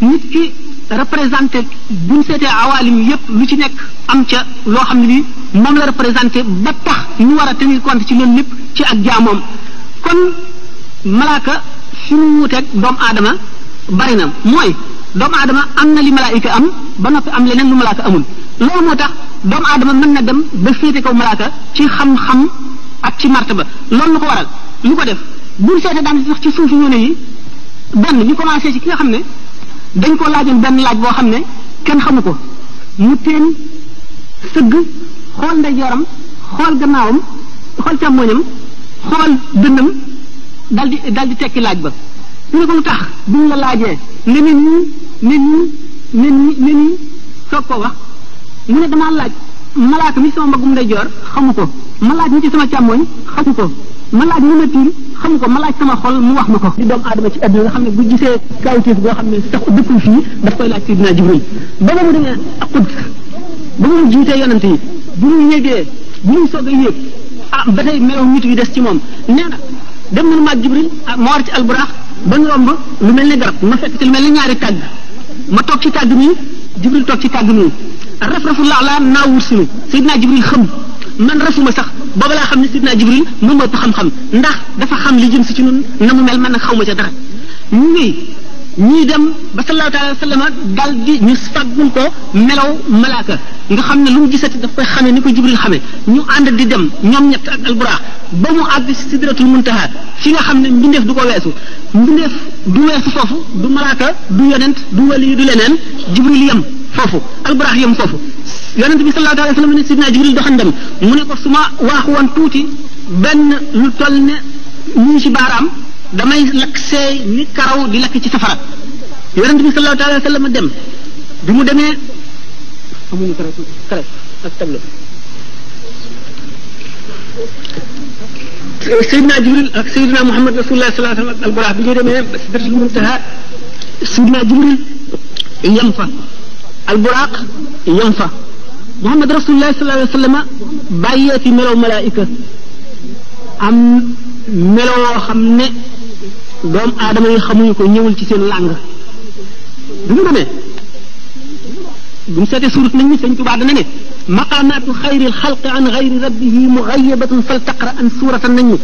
nit ki représenté buñ seetee awalim yépp lu ci nekk am ca loo xam ne lii moom la représenté ba tax ñu war a tenir compte ci loolu lépp ci ak jaamoom kon malaaka fi mu wuteeg aadama bari na mooy doomu aadama am na li malaayika am ba noppi am leneen lu malaaka amul loolu moo tax doomu aadama mën na dem ba féete kaw malaaka ci xam-xam ak ci ba loolu lu ko waral lu ko def buñ seetee daan sax ci suufi yónne yi benn ñu commencé ci ki nga xam ne dañ koo laajoon benn laaj boo xam ne kenn xamu ko mu teen sëgg xool ndeyjooram xool gannaawam xool càmmoñam xool dënnam dal di dal tekki laaj ba ñu ne ko lu tax bu ñu la laajee ne nit ñi nit ñi nit ñi soo ñi koo wax mu ne damaa laaj malaaka mi sama mbagum ndeyjoor xamu ko ma mi ñi ci sama càmmoñ xamu ko ma laaj ñu tiim xam ko ma laaj sama xol mu wax ma ko di doomu aadama ci àdduna nga xam ne bu gisee kawtéef goo xam ne sax dëkkul fii daf koy laaj Seydina Jibril ba ba mu demee Quds ba mu jiitee yonante yi bu ñu yégee bu ñu soog a yéeg ah ba tey melow nit yu des ci moom nee na dem nañu maag Jibril ah ma war ci alburax ba ñu romb lu mel ni garab ma fekk ci lu mel ni ñaari tàgg ma toog ci tàgg nii Jibril toog ci tàgg nii raf rafu laa laa naa wut sunu Seydina Jibril xam man rafuma sax booba laa xam ne sidna jibril moom ëpp xam-xam ndax dafa xam li jëm si ci nun na mu mel man nag xaw ma ca dara ñu wéy ñuy dem ba sallallahu taala dal di ñu fàggul ko melaw malaaka nga xam ne lu mu gisati daf koy xamee ni ko jibril xamee ñu ànd di dem ñoom ñett ak alburaax ba mu àgg si sidratul muntaha fi nga xam ne mbindeef du ko weesu mbindeef du weesu foofu du malaaka du yonent du wali du leneen jibril yem foofu albarax yam foofu yonent bi sallallahu alayhi wa sallam ne sidna jibril doxandam mu ne ko su ma waaxu woon tuuti benn lu toll ne muñ ci baaraam damay lakk seey ni karaw di lakk ci safara yonent bi sallallahu alayhi wa sallam dem bi mu demee amuñu karaw karaw ak tableau Seydina Jibril ak Seydina Muhammad rasulullah sallallahu alayhi wa sallam ak albarax bi ñu demee Sidratul Muntaha Seydina Jibril yem fa alburaaq yam fa muhammad rasulullah sallallahu alayhi wa sallam bàyyeeti melow malaayika am melow woo xam ne doomu aadama yi xamuñu ko ñëwul ci seen làng du na demee bu mu seetee suurat nañ ni sëñ Tuubaa dana ne maqaamaatu xayril xalqi an xayri rabbihi mugayabatun fal taqra an suuratan nañu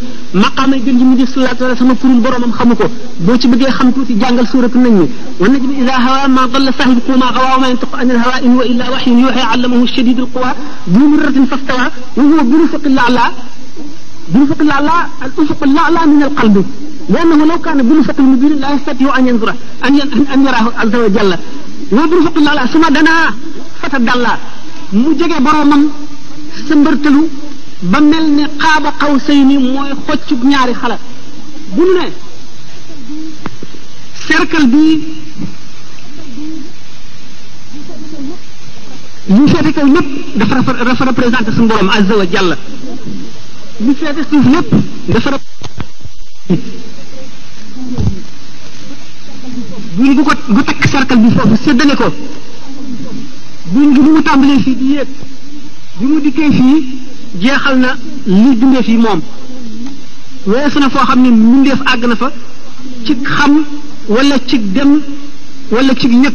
maqaamay gën ji mu di salaatu ala sama kurul boromam xamu ko boo ci bëggee xam tuuti jàngal suuratu nañu wa najmi ida hawa ma dalla saahibukum ma gawa ma yantiqu an alhawa in wa illa waxyun yuuxee allamahu shadidul quwa du miratin fastawa wa huwa birufiqi laala birufiqi laala al ufuqi laala min al qalbi liannahu law kaana birufiqi mubin la yastatiu an yandura an an yarahu azza wa jalla wa birufiqi laala suma dana fata dalla mu jege boromam sa mbërtalu ba mel ne xaaba xaw sëy ni mooy xoccub ñaari xalaat bu nu ne cercle bi ñu feete kaw lépp dafa dafa représenté suñu borom azza wa feete suuf lépp dafa buur gu ko gu takk cercle bi foofu séddale ko buum gi mu tàmbalee fii di yéeg bi mu dikkee fii jeexal na li bindee fii moom weesu na foo xam ne mbindeef àgg na fa ci xam walla ci dem wala ci ñëpp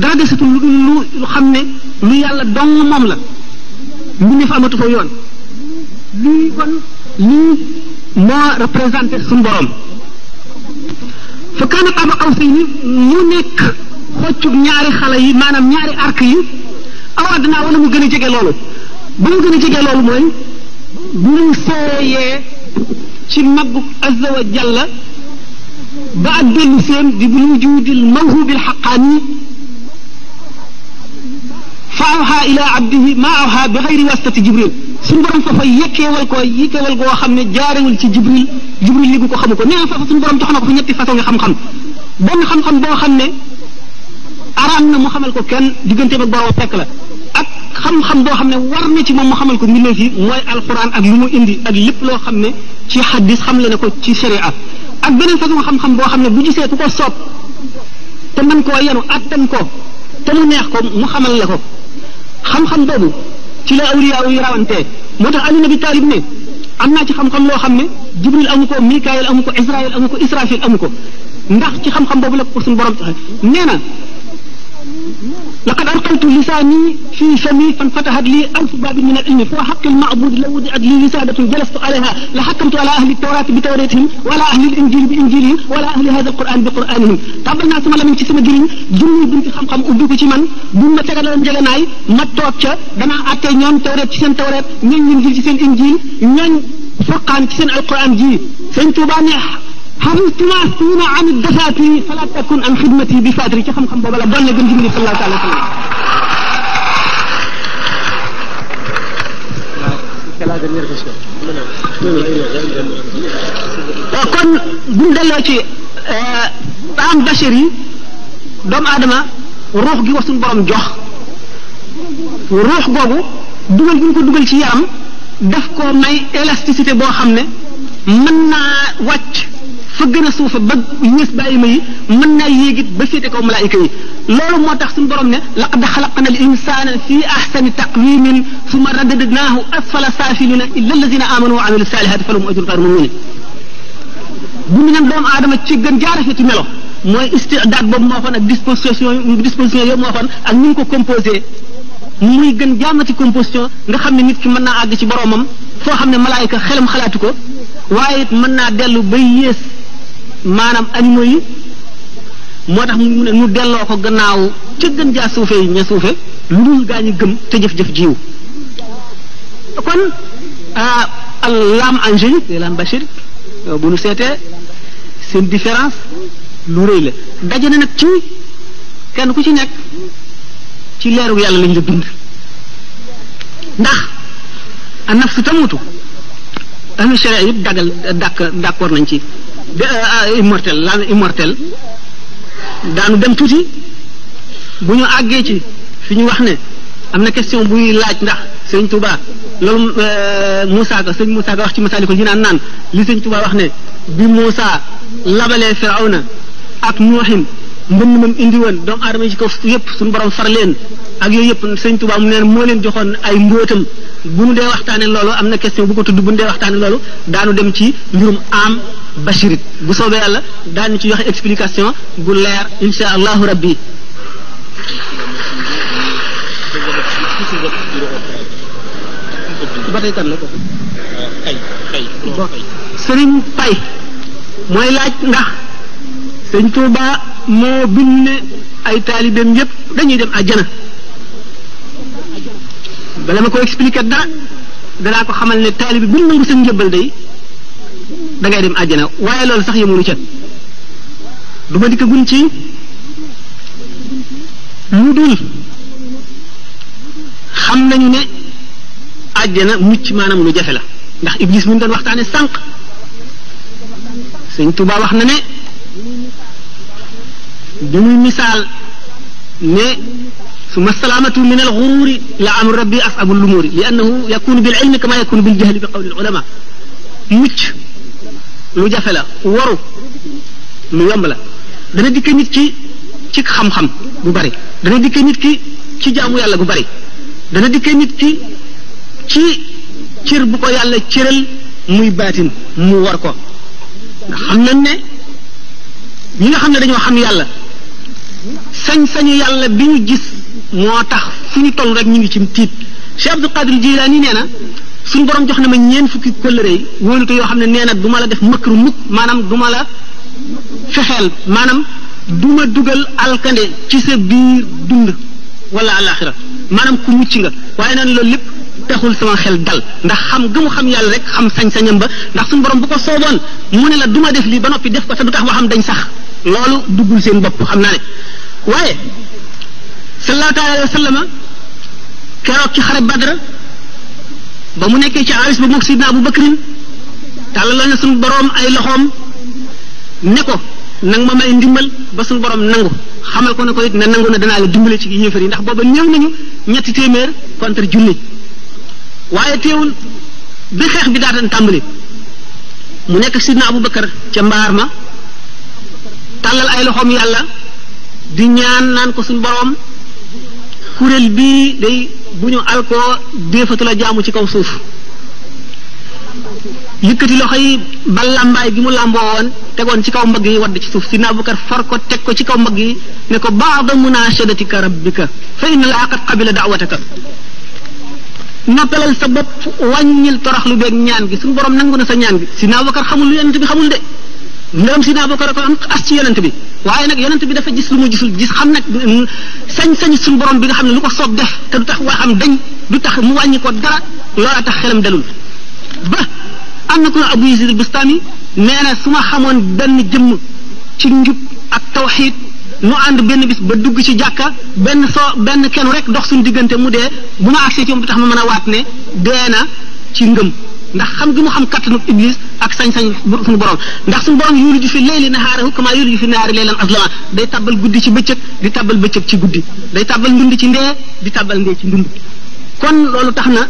dara desatul lu xam ne lu yàlla dong moom la mbindeef amatu fa yoon lii kon lii moo représenté suñu borom fa kaana qaaba qawsayni mu nekk xoccug ñaari xale yi maanaam ñaari arc yi aw addinaa wala mu gën a jege loolu mu gën a jege loolu mooy bu ñu seeyee ci màggug azza wa jalla ba ak dellu seen di bul wujudil mawhubil xaqaani fa awha ila abdihi ma awha bi xayri wasitati jibril suñu borom foofa yekkeewal ko yikkeewal goo xam ne jaarewul ci jibril jibril li gu ko xamu ko nee na foofa suñu borom ko fa ñetti façon yi xam-xam benn xam-xam boo xam ne araam na mu xamal ko kenn diggante ba boroom fekk la ak xam-xam boo xam ne war na ci moom mu xamal ko mbindeef yi mooy alquran ak lu mu indi ak lépp loo xam ne ci xaddis xam le ne ko ci sharia ak beneen façon xam-xam boo xam ne bu gisee ku ko soob te mën koo yenu attan ko te neex ko mu xamal la ko xam-xam boobu ci la awliya yi rawantee moo tax Ali bi Taalib ne am naa ci xam-xam loo xam ne Jibril amu ko Mikaayil amu ko Israayil amu ko Israfil amu ko ndax ci xam-xam boobu la ko suñu borom taxe nee na laqad alqaytu lisaani fii fami fan fatahat lii alfu baabin min al ilmi foo xaqil maabud la wudi at lii wisadatun jalastu alayha la xakamtu ala ahli tawraati bi tawratihim wala ahli l injil bi injilihim wala ahli hada al quran bi quranihim tàbbal naa sama lamiñ ci sama giriñ junni bunti xam-xam ubbi ko ci man buñ ma tegalal njeganaay ma toog ca danaa attee ñoom tawrat ci seen tawrat ñooñ injil ci seen injil ñooñ furqaan ci seen alquran ji sëñ Tuubaa neex xafistuma astuuna an dafaatiri fala takun an xidmati bi faatiri ci xam-xam boobu la doon ci mbiri sallallahu alayhi wa sallam kon buñ delloo ci euh, ko dugal ci yaram boo xam ne fa gën a suufa ba ñës ba ayima yi mën naa yéegit ba féete kaw malaayika yi loolu moo tax suñu borom ne laqad xalaqna al insana fi ahsani taqwimin summa radadnaahu asfala saafilina illa allazina amanu wa amilu salihaati falahum ajrun gayru mamnuun bu ñu naan doomu aadama ci gën jaarafeti melo mooy istidaad boobu moo xoon ak disposition disposition yooyu moo xoon ak ni mu ko composé muy gën jaamati composition nga xam ne nit ki mën naa àgg ci boromam foo xam ne malaayika xelam xalaatu ko waaye it mën naa dellu ba yées maanaam animaux yi moo tax mu delloo ko gannaaw ca gën jaa suufe yi ña suufe lu dul gaa ñi gëm te jëf-jëf jiw kon ah, al laam angélique de laam bachir euh, bu nu seetee seen différence lu rëy la daje na nag ci kenn ku ci nekk ci leeru yàlla lañ la bind ndax a nafsu tamutu ahlu sharia yëpp dagal d'accord nañ ci Euh, ah, immortel laan immortel daanu dem tuuti bu ñu àggee ci fi ñu wax ne am na question buy laaj ndax sëñ Touba loolu euh, Moussa Ka sëñ Moussa Ka wax ci masaali ko ñu naan naan li sëñ Touba wax ne bi Moussa labalee na ak Nuuhin mbënn mam indi woon doomu aadama yi ci kaw yëpp suñu borom far leen ak yooyu yëpp sëñ Tuubaa mu neen moo leen joxoon ay mbóotam bu nu dee waxtaane loolu am na question bu ko tudd bu nu dee waxtaane loolu daanu dem ci mbirum am bashirit bu soobee yàlla daanu ci yoxe explication bu leer insha allahu rabbi ba la ko sëriñ pay mooy laaj ndax sëñ Tuubaa moo bind ne ay taalibeem yépp dañuy dem àjjana bala ma ko expliquer dara danaa ko xamal ne taalib bu nangu seen njëbbal day dangay dem àjjana waaye lool sax yemunu ca du ma gun ci lu dul xam nañu ne àjjana mucc maanaam lu jafe la ndax iblis mu ngi waxtaane sànq sëñ Tuubaa wax na ne bi muy misaal ne summa salaamatu min al xuruuri la amru rabbi as'abu lumuuri li annahu yakunu bil ilmi kama yakunu bil jahli bi qawli al ulama mucc lu jafe la waru lu yomb dana dikke nit ki ci xam-xam bu bari dana dikke nit ki ci jaamu yàlla bu bari dana dikke nit ki ci cër bu ko yàlla cëral muy baatin mu war ko nga xam nañ ne ñi nga xam ne dañoo xam yàlla sañ-sañu yàlla bi ñu gis moo tax fu ñu toll rek ñu ngi ci tiit Cheikh Abdul Qadir Jilaani nee na suñ borom jox na ma ñeen fukki kóllëre yi wóolute yoo xam ne nee na duma la def mëkkru mukk maanaam du ma la fexeel maanaam du dugal alkande ci sa biir dund wala alaxira maanaam ku mucc nga waaye nag loolu lépp taxul sama xel dal ndax xam nga gëmu xam yàlla rek xam sañ-sañam ba ndax suñu borom bu ko sooboon mu ne la duma def lii ba noppi def ko te du tax ba dañ sax loolu duggul seen bopp xam naa ne waaye sallallahu taala alayhi wa sallama keroog ci xare badra ba mu nekkee ci aris ba mook sidna abu bakrin tàllal na suñu boroom ay loxoom ne ko nang ma may ndimbal ba suñu boroom nangu xamal ko ne ko it ne nangu na danaa la dimbale ci yéefar yi ndax booba ñëw nañu ñetti téeméer contre junni waaye teewul bi xeex bi daatan tàmbali mu nekk sidna abu bakar ca mbaar ma tàllal ay loxoom yàlla di ñaan naan ko suñ borom kuréel bii day bu ñu alkoo déefatu la jaamu ci kaw suuf yëkkati loxo yi ba làmbaay gi mu làmboo woon tegoon ci kaw mbagg yi wadd ci suuf si Nabukar for ko teg ko ci kaw mbagg yi ne ko baada munashadatika rabbika fa inna laa qad qabila da'wataka noppalal sa bopp wàññil toroxlu beeg ñaan gi suñu borom nangu na sa ñaan gi si Nabukar xamul lu yonent bi xamul de ndam si naa boo ko rek am as ci yonent bi waaye nag yonent bi dafa gis lu mu gisul gis xam nag sañ-sañ suñu borom bi nga xam ne lu ko soob def te du tax waa xam dañ du tax mu wàññi ko dara a tax xelam dalul ba am na ko Abu Yazid Bustami nee na su ma xamoon benn jëmm ci njub ak tawxiid mu ànd benn bis ba dugg ci jàkka benn soo benn kenn rek ndox suñu diggante mu dee bu ma agsee ci moom du tax ma mën a waat ne dee na ci ngëm ndax xam gi mu xam kattanu iblis ak sañ-sañ suñu borom ndax suñu borom yuuliju fi layli nahaarahu kama yuuliju fi nahaari laylan azlama day tabbal guddi ci bëccëg di tabbal bëccëg ci guddi day tabbal ndund ci ndee di tabbal ndee ci ndund kon loolu tax na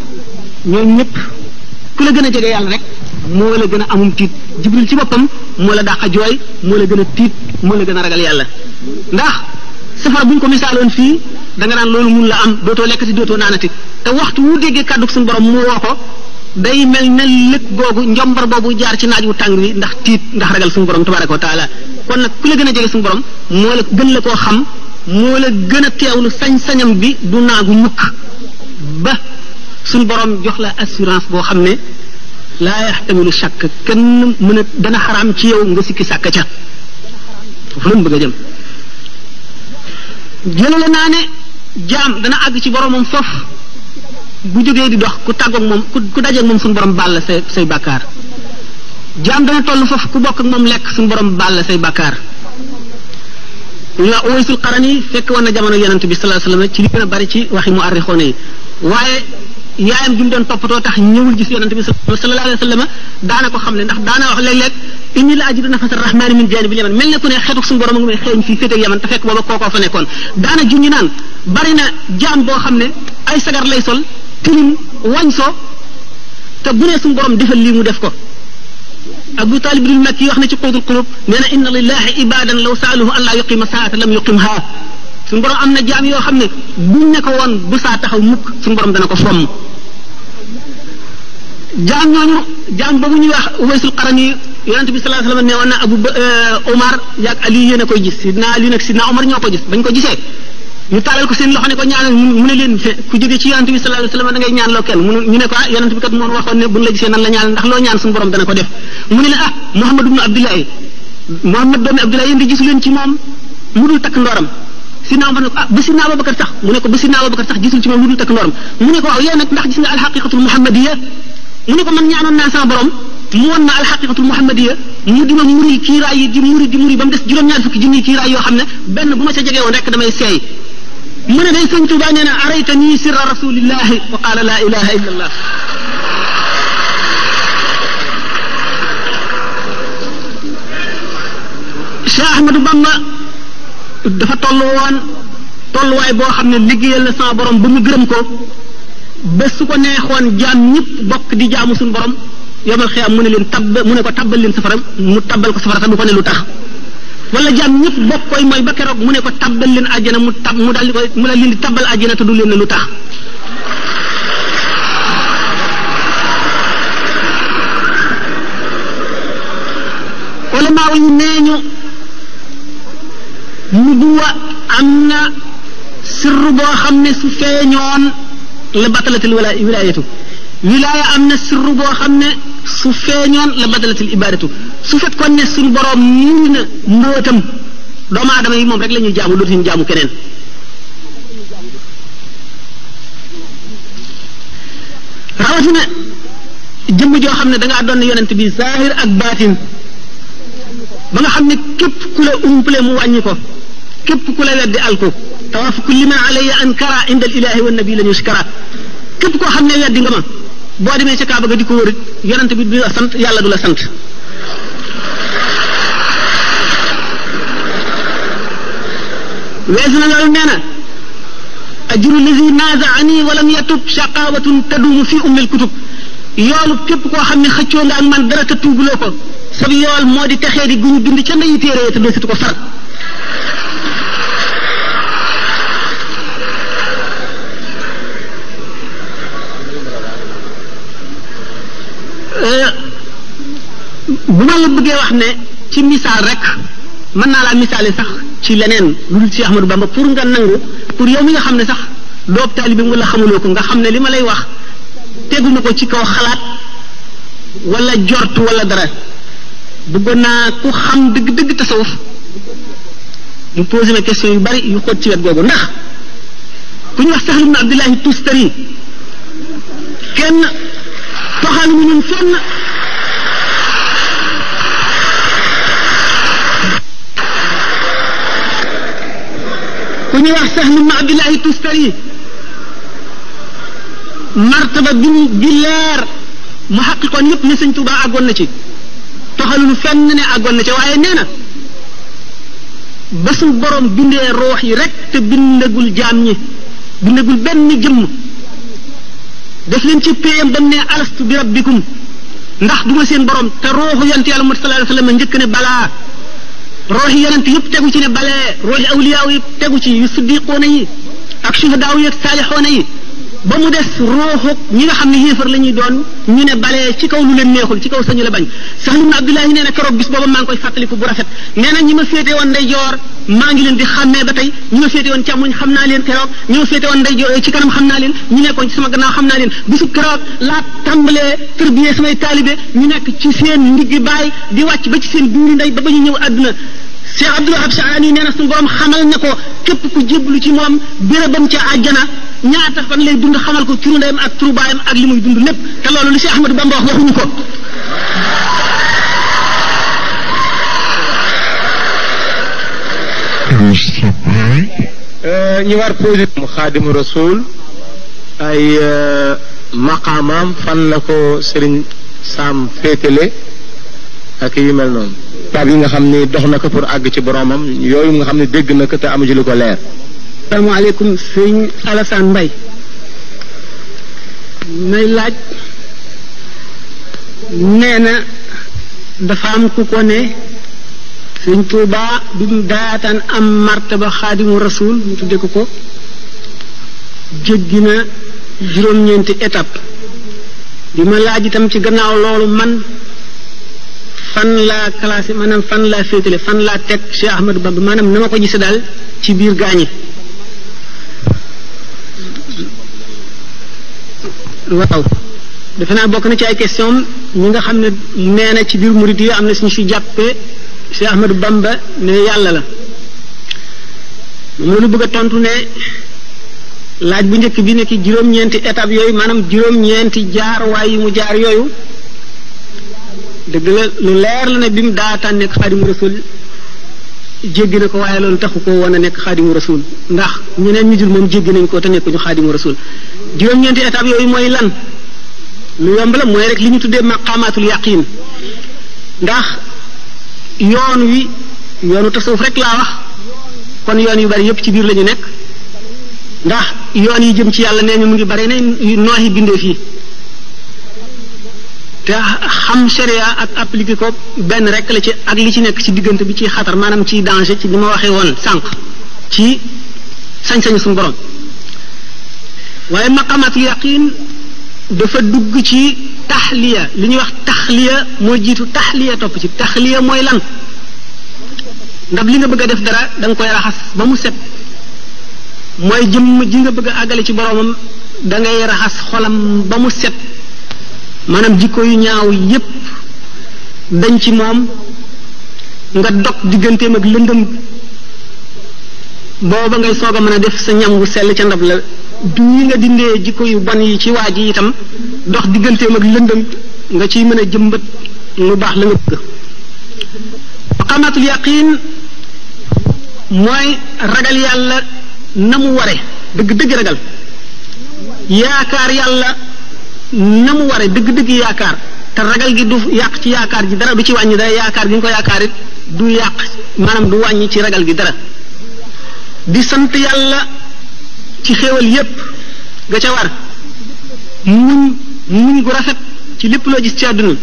ñooñu ñépp ku la gën a jege yàlla rek moo la gën a amum tiit jibril ci boppam moo la dàq a jooy moo la gën a tiit moo la gën a ragal yàlla ndax safara bu ñu ko misaaloon fii da nga naan loolu mun la am dootoo lekkati dootoo naanati te waxtu wu déggee kàddu suñu borom mu ko day mel ne lëg boobu njombar boobu jaar ci naaj wu tàng wi ndax tiit ndax ragal suñu borom tabaraka wa taala kon nag ku la gën a jege suñu borom moo la gën la koo xam moo la gën a teewlu sañ-sañam bi du naagu ñukk ba suñu borom jox la assurance boo xam ne laa yaxtamilu shakk kenn mën a dana ci yow nga sikki sàkk ca foofu lañ bëgg a jëm jëlale naa ne jaam dana àgg ci boromam foofu bu jógee di dox ku tàggoog moom ku dajeeg moom suñu borom baal la say say bàkkaar jaam dana toll foofu ku bokk ak moom lekk suñu borom baal la say bàkkaar ñu wax Uwaysul Qarani fekk woon na jamono yonent bi sa alayhi wasallam ci li bari ci waxi mu arrixoone yi waaye yaayam ju mu doon toppatoo tax ñëwul gis yonent bi sallallahu alayhi wasallam daana ko xam ne ndax daana wax la ajidu nafasa rahmani min janibil yaman mel ne ku ne xetuk suñu borom a ngi may xeeñ fii féeteeg yaman te fekk booba kookoo fa nekkoon daana junñu naan bari na jaam boo xam ne ay sagar lay sol tilim wañ so te bu nee suñu borom defal lii mu def ko abu taalib ibnul makki wax na ci xóotul xulub nee na inna lillahi ibadan law saaluhu an laa yuqima saata lam yuqimha suñu borom am na jaam yoo xam ne guñ ne ko woon bu saa taxaw mukk suñu borom dana ko fomm jaam ñooñu jaam boobu ñuy wax waysul qarani yonent bi sallallahu alayhi wasallam ne woon na abu omar yaag ali yéen a koy gis sidna ali nag sidna omar ñoo ko gis bañ ko gisee ñu taalal ko seen loxo ne ko ñaanal mu ne leen ku jóge ci yonent bi sallallahu alayhi kenn mu ñu ne ko ah yonent bi kat moom waxoon ne buñ ko ne leen ah Muhammad ibn Abdullahi mu ne ko ah ba sidna Abubakar sax mu ne ko ba sidna Abubakar sax gisul ci moom mu dul takk ndooram mu ne ko waaw yow ndax gis nga alxaqiqatul muhammadiya mu ne ko man ñaanoon naa sama borom mu won ma alxaqiqatul muhammadiya mu di ma muri kiiraay yi di muri di muri ba mu des juróom-ñaar fukki junni kiiraay yoo xam ne benn bu ma ca jege woon mu ne day sëñ Tuubaa nee na arayta nii sirra rasulillahi wa qaala laa ilaha illa allah Cheikh Ahmadou Bamba dafa toll woon tolluwaay boo xam ne liggéeyal na sama borom ba mu gërëm ko ba su ko neexoon jaam ñëpp bokk di jaamu suñu borom yomal xiyaam mu ne leen tabb mu ne ko tabbal leen safaram mu tabbal ko safara ta du ko ne lu tax wala jaam ñëpp bokk koy mooy ba keroog mu ne ko tabbal leen àjjana mu tab mu dal di koy mu dal leen di tabbal àjjana te du leen lu tax. ulamaa yi nee ñu nubuwa am na sirru boo xam su feeñoon la batalatil wala wilaayatu wilaaya am na sirru boo xam ne. su feeñoon la badalatil ibadatu su fekkoon ne suñu boroom muur na mbóotam doomu aadama yi moom rek la ñuy jaamu dootuñu jaamu keneen rawatina jëmm joo xam ne dangaa doon yonent bi zahir ak baatin ba nga xam ne képp ku la umpale mu wàññi ko képp ku la weddi alko tawaafu li ma alayya ankara indal ilahi wa nabi la ñu sikara képp koo xam ne weddi nga ma boo demee ca Kaaba ga di ko wërit yonent bi du la sant yàlla du la sant weesu na loolu nee na ajru lazi naazaani walam yatub shaqawatun taduumu fi ummil kutub yoolu képp koo xam ne xëccoo nga ak man dara te tuubuloo ko sab yool moo di texee di gu ñu bind ca ndeyu téere te doo situ ko far Euh, bu ma la bëggee wax ne ci misaal rek mën naa laa misaale sax ci leneen lu dul Cheikh Ahmadou Bamba pour nga nangu pour yow mi nga xam ne sax doob taalibe bi nga xamuloo ko nga xam ne li ma lay wax teguma ko ci kaw xalaat wala jort walla dara bëggoon naa ku xam dëgg-dëgg tasawuf ñu posé ma question yu bari yu xóot ci wet googu ndax ku ñu wax Sahl ibn Abdullahi Tustari kenn xaaluñu ñun fenn ku ñuy wax sax nu ma abdillahi tustari martaba bi bi leer mu xaqiqoon yëpp ne sëñ Tuuba àggoon na ci toxaluñu fenn ne àggoon na ci waaye nee na ba su borom bindee roox yi rekk te bindagul jaam ñi bindagul benn jëmm def leen ci payam ba mu ne alastu bi rabbikum ndax du ma seen borom te rooxu yonent yàlla mu sallallahu alayhi wa sallam njëkk ne balaa rooxi yonent yëpp tegu ci ne balee rooxi awliyaaw yëpp tegu ci yu siddiqoona yi ak shuhadaaw yi ak saalixoona yi ba mu des ruuxu ñi nga xam ne yéefar la ñuy doon ñu ne bale ci kaw lu leen neexul ci kaw sañu la bañ sax ibnu abdullahi nee na keroog bis booba maa koy fàttaliku bu rafet nee na ma féete woon ndeyjoor maa ngi leen di xàmmee ba tey ñi ma féete woon xam naa leen keroog ñi ma woon ndeyjoor ci kanam xam naa ñu nekkoon ci sama gannaaw xam naa leen bisu keroog laa tàmbalee tërbiyee samay taalibe ñu nekk ci seen ndiggi baay di wàcc ba ci seen duuri ndey ba ba ñu ñëw àdduna Cheikh Abdul Wahab Saani nee na suñu xamal na ko képp ku jébbalu ci moom bérébam ca àjjana ñaata fan lay dund xamal ko turu ndeyam ak turu baayam ak li muy ko. ñu war projet mu xaadimu rasul ay euh, maqaamaam fan la ko Serigne Sam féetale ak yu mel noonu baab yi nga xam ni dox na ko pour àgg ci boromam yooyu nga xam ne dégg na ko te amu ci lu ko leer salaamaaleykum sëñ Alassane Mbaye may laaj nee na dafa am ku ko ne sëñ Tuubaa bi mu daataan am martaba xaadimu rasul mu tudde ko ko jéggi na juróom-ñeenti étape bi ma laaj itam ci gannaaw loolu man fan laa classé maanaam fan laa féetale fan laa teg Cheikh Ahmadou Bamba maanaam na ma ko gise daal ci biir gaañi waaw defe naa bokk na ci ay question ñi nga xam ne nee ci biir murid yi am na suñu si jàppee Cheikh Ahmadou Bamba ne yàlla la moom la bëgg a tontu ne laaj bu njëkk bi nekk juróom-ñeenti étape yooyu maanaam juróom-ñeenti jaar waay yi mu jaar yooyu dëgg la lu leer la ne bi mu daataan nekk xaadimu rasul jéggi na ko waaye loolu taxu ko woon a nekk xaadimu rasul ndax ñeneen ñu dul moom jéggi nañ ko te nekkuñu xaadimu rasul juróom-ñeenti étape yooyu mooy lan lu yomb la mooy rek li ñu tuddee maqaamaatul yaqin ndax yoon wi yoonu tasawuf rek laa wax kon yoon yu bari yépp ci biir la nekk ndax yoon yi jëm ci yàlla nee ñu mu ngi bare na nooxi bindeef yi te xam sharia ak appliqué ko benn rek la ci ak li ci nekk ci diggante bi ciy xatar maanaam ciy danger ci li ma waxee woon sànq ci sañ-sañu suñu borom waaye maqamat yaqin dafa dugg ci taxliya li ñuy wax taxliya mooy jiitu taxliya topp ci taxliya mooy lan ndax li nga bëgg a def dara danga koy raxas ba mu set mooy jëmm ji nga bëgg àggale ci boromam da ngay raxas xolam ba mu set maanaam jikko yu ñaaw yépp dañ ci moom nga dox digganteem ak lëndëm booba ngay soog a mën a def sa ñam wu sell ca ndab la bi nga dindee jikko yu ban yi ci waaj yi itam dox digganteem ak lëndëm nga ciy mën a jëmbat lu baax la nga bëgg maqamatul yaqin mooy ragal yàlla na mu ware dëgg dëgg ragal yaakaar yàlla na mu waree dëgg-dëgg yaakaar te ragal gi du yàq ci yaakaar ji dara bi ci wàññi day yaakaar gi nga ko yaakaar it du yàq maanaam du wàññi ci ragal gi dara di sant yàlla ci xéewal yépp nga ca war muñ muñ gu rafet ci lépp loo gis ci àdduna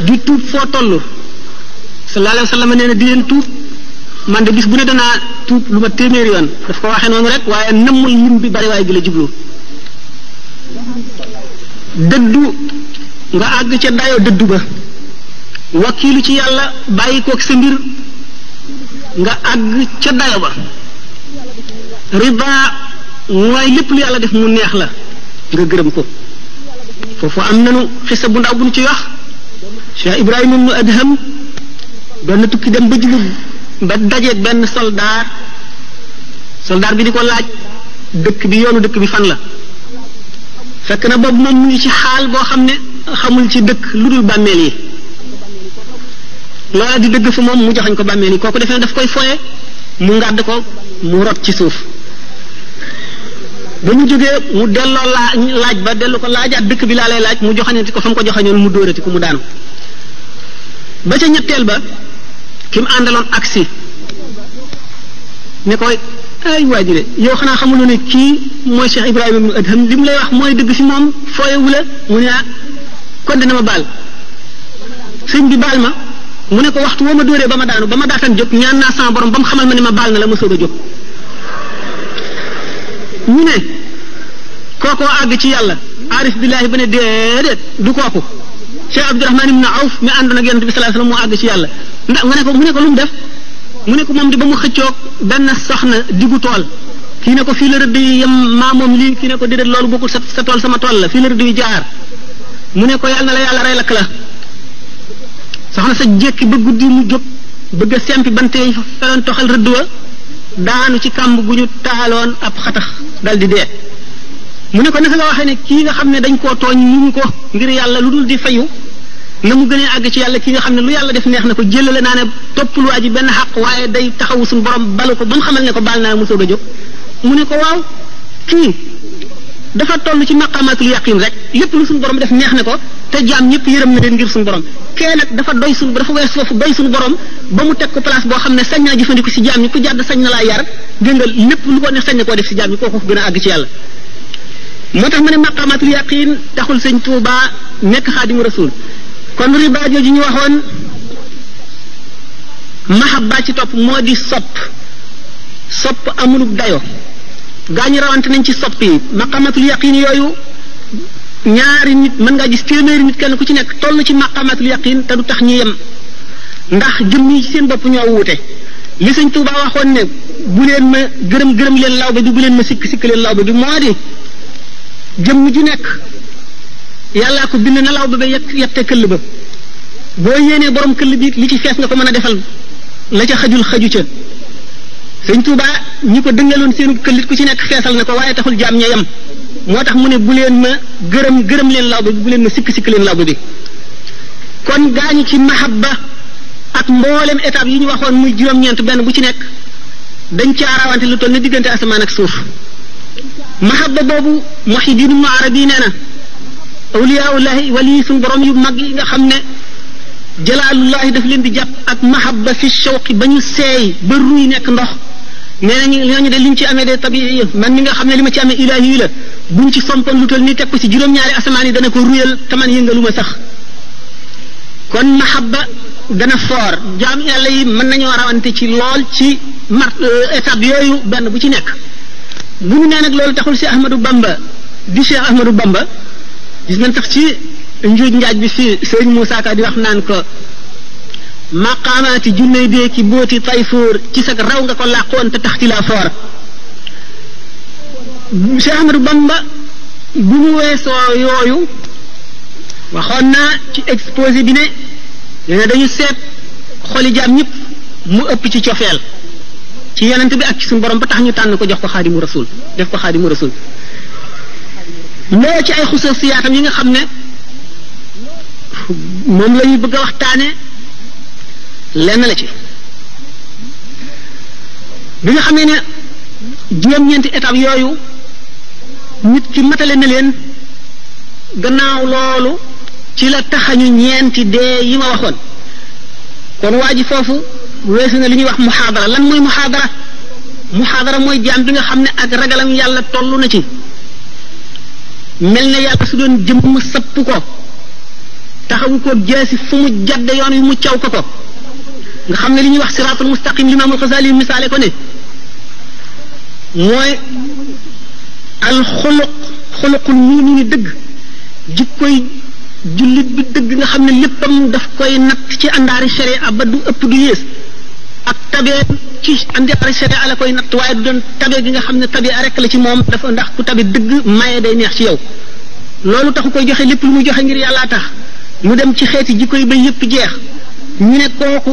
di tuub foo toll sallallahu alayhi wa sallam nee na di leen tuub man de bis bu ne danaa tuub lu ma téeméeri yoon daf ko waxee noonu rek waaye nëmmul lim bi bari waaye gi la jublu dëddu nga àgg ca dayo dëddu ba wakiilu ci yàlla bàyyi kook sa mbir nga àgg ca dayo ba riba mooy lépp lu yàlla def mu neex la nga gërëm ko foofu am nanu xisa bu ndaw bu ñu ci wax Cheikh Ibrahima mu Adham doon na tukki dem ba jublu ba daje benn soldaar soldaar bi di ko laaj dëkk bi yoonu dëkk bi fan la fekk na boobu moom mu ngi ci xaal boo xam ne xamul ci dëkk lu dul bàmmeel yi loola di dëgg fu moom mu joxañ ko bàmmeel yi kooku defe ne daf koy foye mu ngàdd ko mu rot ci suuf ba mu jógee mu delloo laa laaj ba dellu ko laajaat dëkk bi laa lay laaj mu joxañati ko fa mu ko joxañoon mu dóorati ko mu daanu ba ca ñetteel ba ki mu àndaloon agsi ne koy ay waaji de yow xanaa xamuloo ne kii mooy Cheikh Ibrahima ibnu Adham li lay wax mooy dëgg si moom fooyewu la mu ne ah kon dana ma baal sëñ bi baal ma mu ne ko waxtu woo ma dóoree ba ma daanu ba ma daataan jóg ñaan naa sama borom ba mu xamal ma ne ma baal na la ma soog a jóg ñu ne kookoo àgg ci yàlla aarif billaahi ba ne déedéet du kooku Cheikh Abdourahman ibnu Awf mi àndoon ak yonent bi sallallahu alayhi wasallam moo àgg ci yàlla ndax mu ne ko lu mu def mu ne ko moom di ba mu xëccoog benn soxna diggu tool kii ne ko fii la rëdd yi yem maa lii kii ne ko déedéet loolu bokkul sa sa tool sama tool la fii la rëdd yi jaar mu ne ko yàlla na la yàlla rey lakk la soxna sa jékki ba guddi mu jóg bëgg a sempi bante yi toxal rëdd wa daanu ci kàmb gu ñu taaloon ab xatax dal di dee mu ne ko naka nga waxee ne kii nga xam ne dañ koo tooñ ñu ko ngir yàlla lu dul di fayu na mu gënee àgg ci yàlla ki nga xam ne lu yàlla def neex na ko jëlale naa ne toppul waa ji benn xaq waaye day taxawu suñu borom ko ba mu xamal ne ko baal naa mu soog a jóg mu ne ko waaw kii dafa toll ci maqamatul yaqin rek lépp lu suñu def neex na ko te jaam ñëpp yërëm na leen ngir suñu borom kee nag dafa doy suñu dafa wees foofu doy suñu borom ba mu teg ko place boo xam ne sañ naa jëfandiku si jaam ñi ku jàdd sañ na laa yar dégg nga lépp lu ko ne sañ na koo def si jaam ñi kooku gën a àgg ci yàlla moo tax ma ne maqamatul yaqin taxul sëñ Tuuba nekk xaadimu rasul kon riba jooju ñu waxoon mahabba ci topp moo di sopp sopp amulub dayo gaa ñu rawante nañ ci sopp yi maqamatul yaqin yooyu ñaari nit mën ngaa gis téeméeri nit kenn ku ci nekk toll ci maqamatul yaqin te du tax ñu yem ndax jëmmi ci seen bopp ñoo wuute li sëñ Tuuba waxoon ne bu leen ma gërëm gërëm leen lawbe bi bu leen ma sikk sikk leen lawbe bi moo di jëmm ju nekk yàllaa ko bind nalaw ba ba yette këll ba boo yéenee boroom këll bi li ci fees nga ko mën a defal la ca xajul xaju ca sëñ Tuuba ñi ko dëngaloon seenu këllit ku ci nekk feesal na ko waaye taxul jaam ña yem moo tax mu ne bu leen ma gërëm gërëm leen lawbe bi bu leen ma sikk sikk leen lawbe bi kon gaañu ci mahabba ak mboolem étape yi ñu waxoon muy juróom-ñeent benn bu ci nekk dañ caa rawante lu toll ne diggante asamaan ak suuf mahabba boobu Muhyiddin Ibn Arabi nee na awliyaullahi wali suñu borom yu mag yi nga xam ne jalaalullahi daf leen di jàpp ak mahabba fi shawqi ba ñu seey ba ruy nekk ndox nee nañu ñooñu de li ñu ci amee de tabii man mi nga xam ne li ma ci amee ilaahi la buñ ci fompoon lu tal ni teg ko ci juróom-ñaari asamaan yi dana ko ruyal te man yëngalu ma sax kon mahabba dana foor jaam yàlla yi mën nañoo rawante ci lool ci mart euh, étape yooyu benn bu ci nekk bu ñu nee nag loolu taxul si Ahmadou Bamba di Cheikh Ahmadou Bamba gis ngeen tax ci njuuj njaaj bi si sëriñ Moussa Ka di wax naan ko maqaamaati junney dee ki booti tayfoor ci sag raw nga ko làqoon te tax ci laa foor Cheikh Ahmadou Bamba bu mu weesoo yooyu waxoon naa ci exposé bi ne ne dañu seet xoli jaam ñëpp mu ëpp ci cofeel ci yonent bi ak ci suñu borom ba tax ñu tànn ko jox ko xaadimu rasul def ko xaadimu rasul loo ci ay xususiyaatam yi nga xam ne moom la bëgg a waxtaane lenn la ci bi nga xamee ne juróom-ñeenti étape yooyu nit ki matale na leen gannaaw loolu ci la taxañu ñeenti dee yi ma waxoon kon waa ji foofu weesu na li ñuy wax muxaadara lan mooy muxaadara muxaadara mooy jaam bi nga xam ne ak ragalam yàlla tollu na ci mel na yàlla su doon jëmm sapp ko taxawu ko jaasi fu mu jàdde yoon wi mu caw ko ko nga xam ne li ñuy wax siraatul mustaqim limaam alxasaali misaale ko ne mooy alxuluq xuluqul muumini dëgg jikkoy jullit bi dëgg nga xam ne léppam daf koy natt ci àndaari sharia ba du ëpp du yées ak tabeem ci andiwaari sharia la koy natt waaye du doon tabe gi nga xam ne tabe rek la ci moom dafa ndax ku tabe dëgg maye day neex ci yow loolu taxu koy joxe lépp lu mu joxe ngir yàlla tax mu dem ci xeeti jikko yi ba yépp jeex ñu ne kooku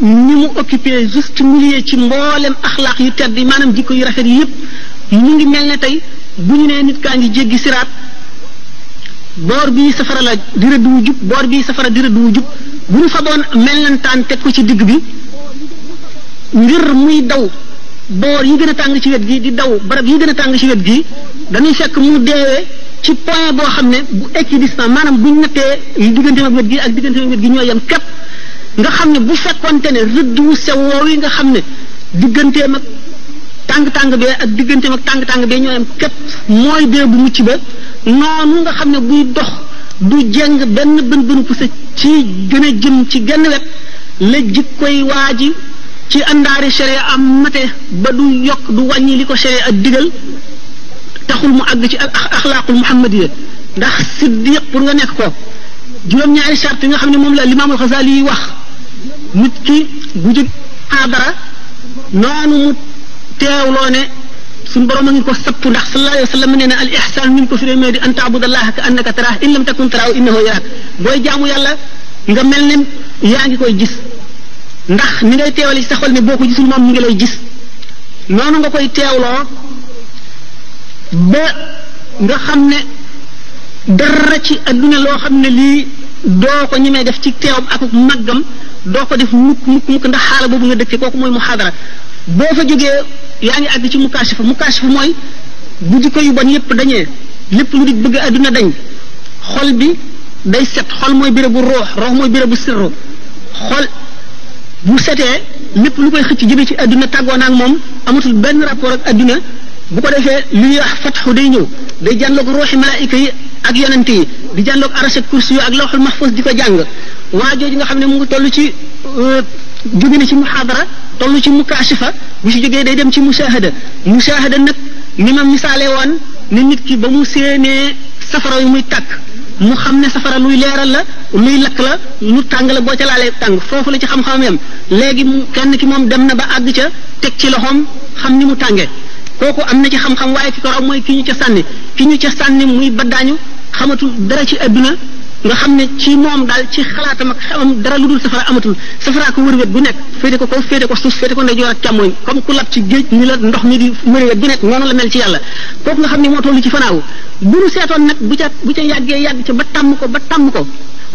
ni mu occupé juste milieu ci mboolem axlaaq yu tedd yi maanaam jikko yu rafet yëpp mu ngi mel ne tey bu ñu nee nit kaa ngi jéggi siraat boor bii safara la di rëdd wu jub boor bii safara di rëdd wu jub bu ñu fa doon mellantaan teg ci digg bi ngir muy daw boor yi gën a tàng ci wet gi di daw barab yi gën a tàng ci wet gi dañuy fekk mu deewee ci point boo xam ne bu équidistant maanaam buñ nattee yi digganteem ak wet gi ak digganteem ak wet ñoo yem képp nga xam ne bu fekkonte ne rëdd wu sew woow yi nga xam ne digganteem ak tàng-tàng bee ak digganteem ak tàng-tàng bee ñoo yem képp mooy dee bu mucc ba noonu nga xam ne buy dox du jeng benn bën bënu pusa ci gën a jëm ci genn wet la jikkoy waa ji ci àndaari sharia am mate ba du yokk du wàññi li ko sharia ak digal taxul mu àgg ci ak axlaaqul muhammadiya ndax siddiq pour nga nekk ko juróom-ñaari charte yi nga xam ne moom la limaamul xasaali yi wax nit ki bu jóg xaadara noonu mu teewloo ne suñ borom a ngi ko sapp ndax sallallahu alayhi wa sallam nee na al ihsan ni mu ko firée mee di an taabudallaha ka annaka taraahu in lam takun taraahu innahu yaraak booy jaamu yàlla nga mel ne yaa ngi koy gis ndax ni ngay teewal ci sa xol ne boo ko gisul moom mi ngi lay gis noonu nga koy teewloo ba nga xam ne dara ci adduna loo xam ne lii doo ko ñemee def ci teewam ak màggam doo ko def mukk mukk mukk ndax xaala boobu nga dëkkee kooku mooy muxaadara boo fa jógee yaa ngi àgg ci mukaasifa mukaasifa mooy bu jikko yu bon yépp dañee lépp lu di bëgg adduna dañ xol bi day set xol mooy bérébu ruux ruux mooy bérébu sirru xol bu setee lépp lu koy xëcc jëme ci adduna tàggoo naag moom amatul benn rapport ak adduna bu ko defee li ñuy wax fatxu day ñëw day jànloog ruuxi malaayika yi ak yonent yi di jànloog aras ak kursi yu ak lawxul mahfuz di ko jàng waa jooju nga xam ne mu ngi toll ci euh, jóge na ci muxaadara toll ci mukaasifa bu si jógee day dem ci musaahada musaahada nag ni ma misaale woon ne nit ki ba mu séenee safara yi muy takk mu xam ne safara luy leeral la luy lakk la lu tàng la boo ca laalee tàng foofu la ci xam-xam yam léegi kenn ki moom dem na ba àgg ca teg ci loxoom xam ni mu tànge kooku am na ci xam-xam waaye ki ko raw mooy ki ñu ca sànni ki ñu ca sànni muy baddaañu xamatul dara ci adduna nga xam ne ci moom daal ci xalaatam ak xelam dara lu dul safara amatul safara ko wër wet bu nekk féete ko kaw féete ko suuf féete ko ndeyjoor ak càmmooñ comme ku lab ci géej ni la ndox mi di mëri wet moo seetoon nag bu ca bu ca ba tàmm ko ba tàmm ko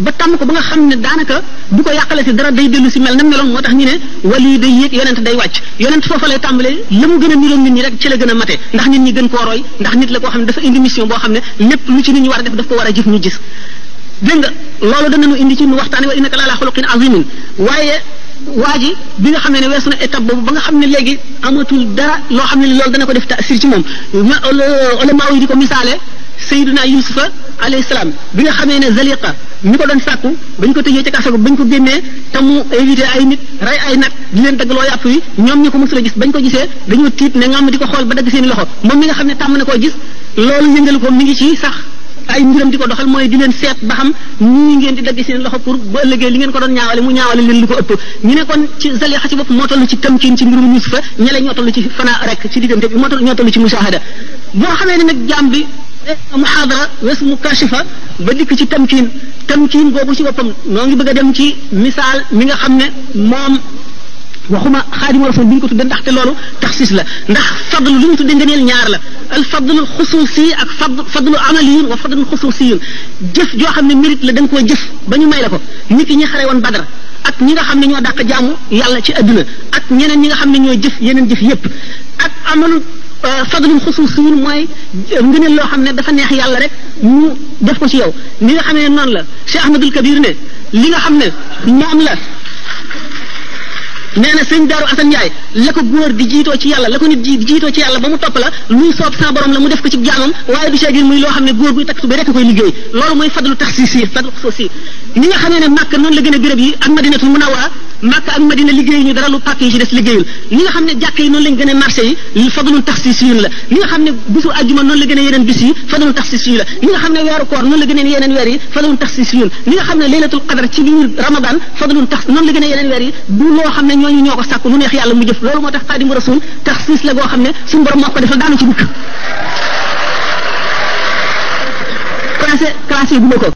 ba tàmm ko ba nga xam ne daanaka bu ko yàqale si dara si mel na meloon moo tax ñu ne wàllu day yéeg yonent day wàcc yonent foofa lay tàmbalee la mu gën a niroog nit ñi rek ci la gën a mate ndax nit ñi gën koo roy ndax nit la koo xam ne dafa indi mission boo xam ne lépp lu ci nit ñi war a def daf ko war a jëf ñu gis dégg nga loolu danañu indi ci nu waxtaane wa innaka laalaa xuluqin azimin waaye waa bi nga xam ne weesu na étape boobu ba nga xam ne léegi amatul dara loo xam ne loolu dana ko def tasir ci moom ulamaa yi di ko misaale sayyiduna yusufa alayhi salaam bi nga xamee ne zaliqa mi ko doon sàkku bañ ko tëjee ci kaso ba bañ ko génnee te mu évité ay nit rey ay nag di leen dagg loo yàpp wi ñoom ñi ko mësula gis bañ ko gisee dañoo tiit ne ngam di ko xool ba dagg seen i loxo moom nga xam ne tàmm na koo gis loolu yëngal ko mi ngi ci sax ay mbiram di ko doxal mooy di leen seet ba xam ñii ngeen di dagg seen loxo pour ba ëllëgee li ngeen ko doon ñaawale mu ñaawale leen lu ko ëpp ñu ne kon ci zalixa ci bopp moo toll ci tamkin ci mbirum Yusufa ñele ñoo toll ci fanaa rek ci diggante bi moo toll ñoo toll ci mushahada boo xamee ne nag jaam bi muhaadara wes mu kashifa ba dikk ci tamkin tamkin boobu ci boppam noo ngi bëgg a dem ci misaal mi nga xam ne moom waxuma xaadimu rasul bi ñu ko tudde ndaxte loolu taxsis la ndax fadlu lu ñu tudde ngëneel ñaar la al fadlu xusuusi ak fadlu fadlu amaliyun wa fadlu xusuusiyun jëf joo xam ne mérite la da nga koo jëf ba ñu may la ko nit ki ñi xare woon badar ak ñi nga xam ne ñoo dàq jaamu yàlla ci adduna ak ñeneen ñi nga xam ne ñoo jëf yeneen jëf yépp ak amalu euh, fadlul xusuusiyun mooy euh, ngëneel loo xam ne dafa neex yàlla rek mu def ko ci yow li nga xam ne noonu la Cheikh Ahmadul Kabir ne li nga xam ne moom la nee na sëñ daaru ay njaay la ko góor jiitoo ci yàlla la ko nit di jiitoo ci yàlla ba mu topp la luy soob sa la mu def ko ci jaamam waaye du seegin muy loo xam ne góor guy takk tubé rek koy liggéey loolu mooy fadlu tax fadlu soo ni nga xamee ne màkk noonu la gën a béréb yi ak madinatul munawwara Makka ak Madina liggéeyuñu dara lu pàkk yi ci des liggéeyul li nga xam ne jàkk yi noonu lañ gën a marché yi fadlun taxsisiyun xam ne bisu yeneen bis yi fadlun taxsisiyun la li nga xam ne weeru koor noonu la gën a yeneen weer yi fadlun taxsisiyun li nga xam ne laylatul qadr ci biir ramadan fadlun tax noonu la gën a yeneen weer yi du loo xam ne ñooñu ñoo ko sàkku nu neex yàlla mu jëf loolu moo tax xaadimu rasul taxsis la goo xam ne suñu borom moo ko defal daanu ci bukk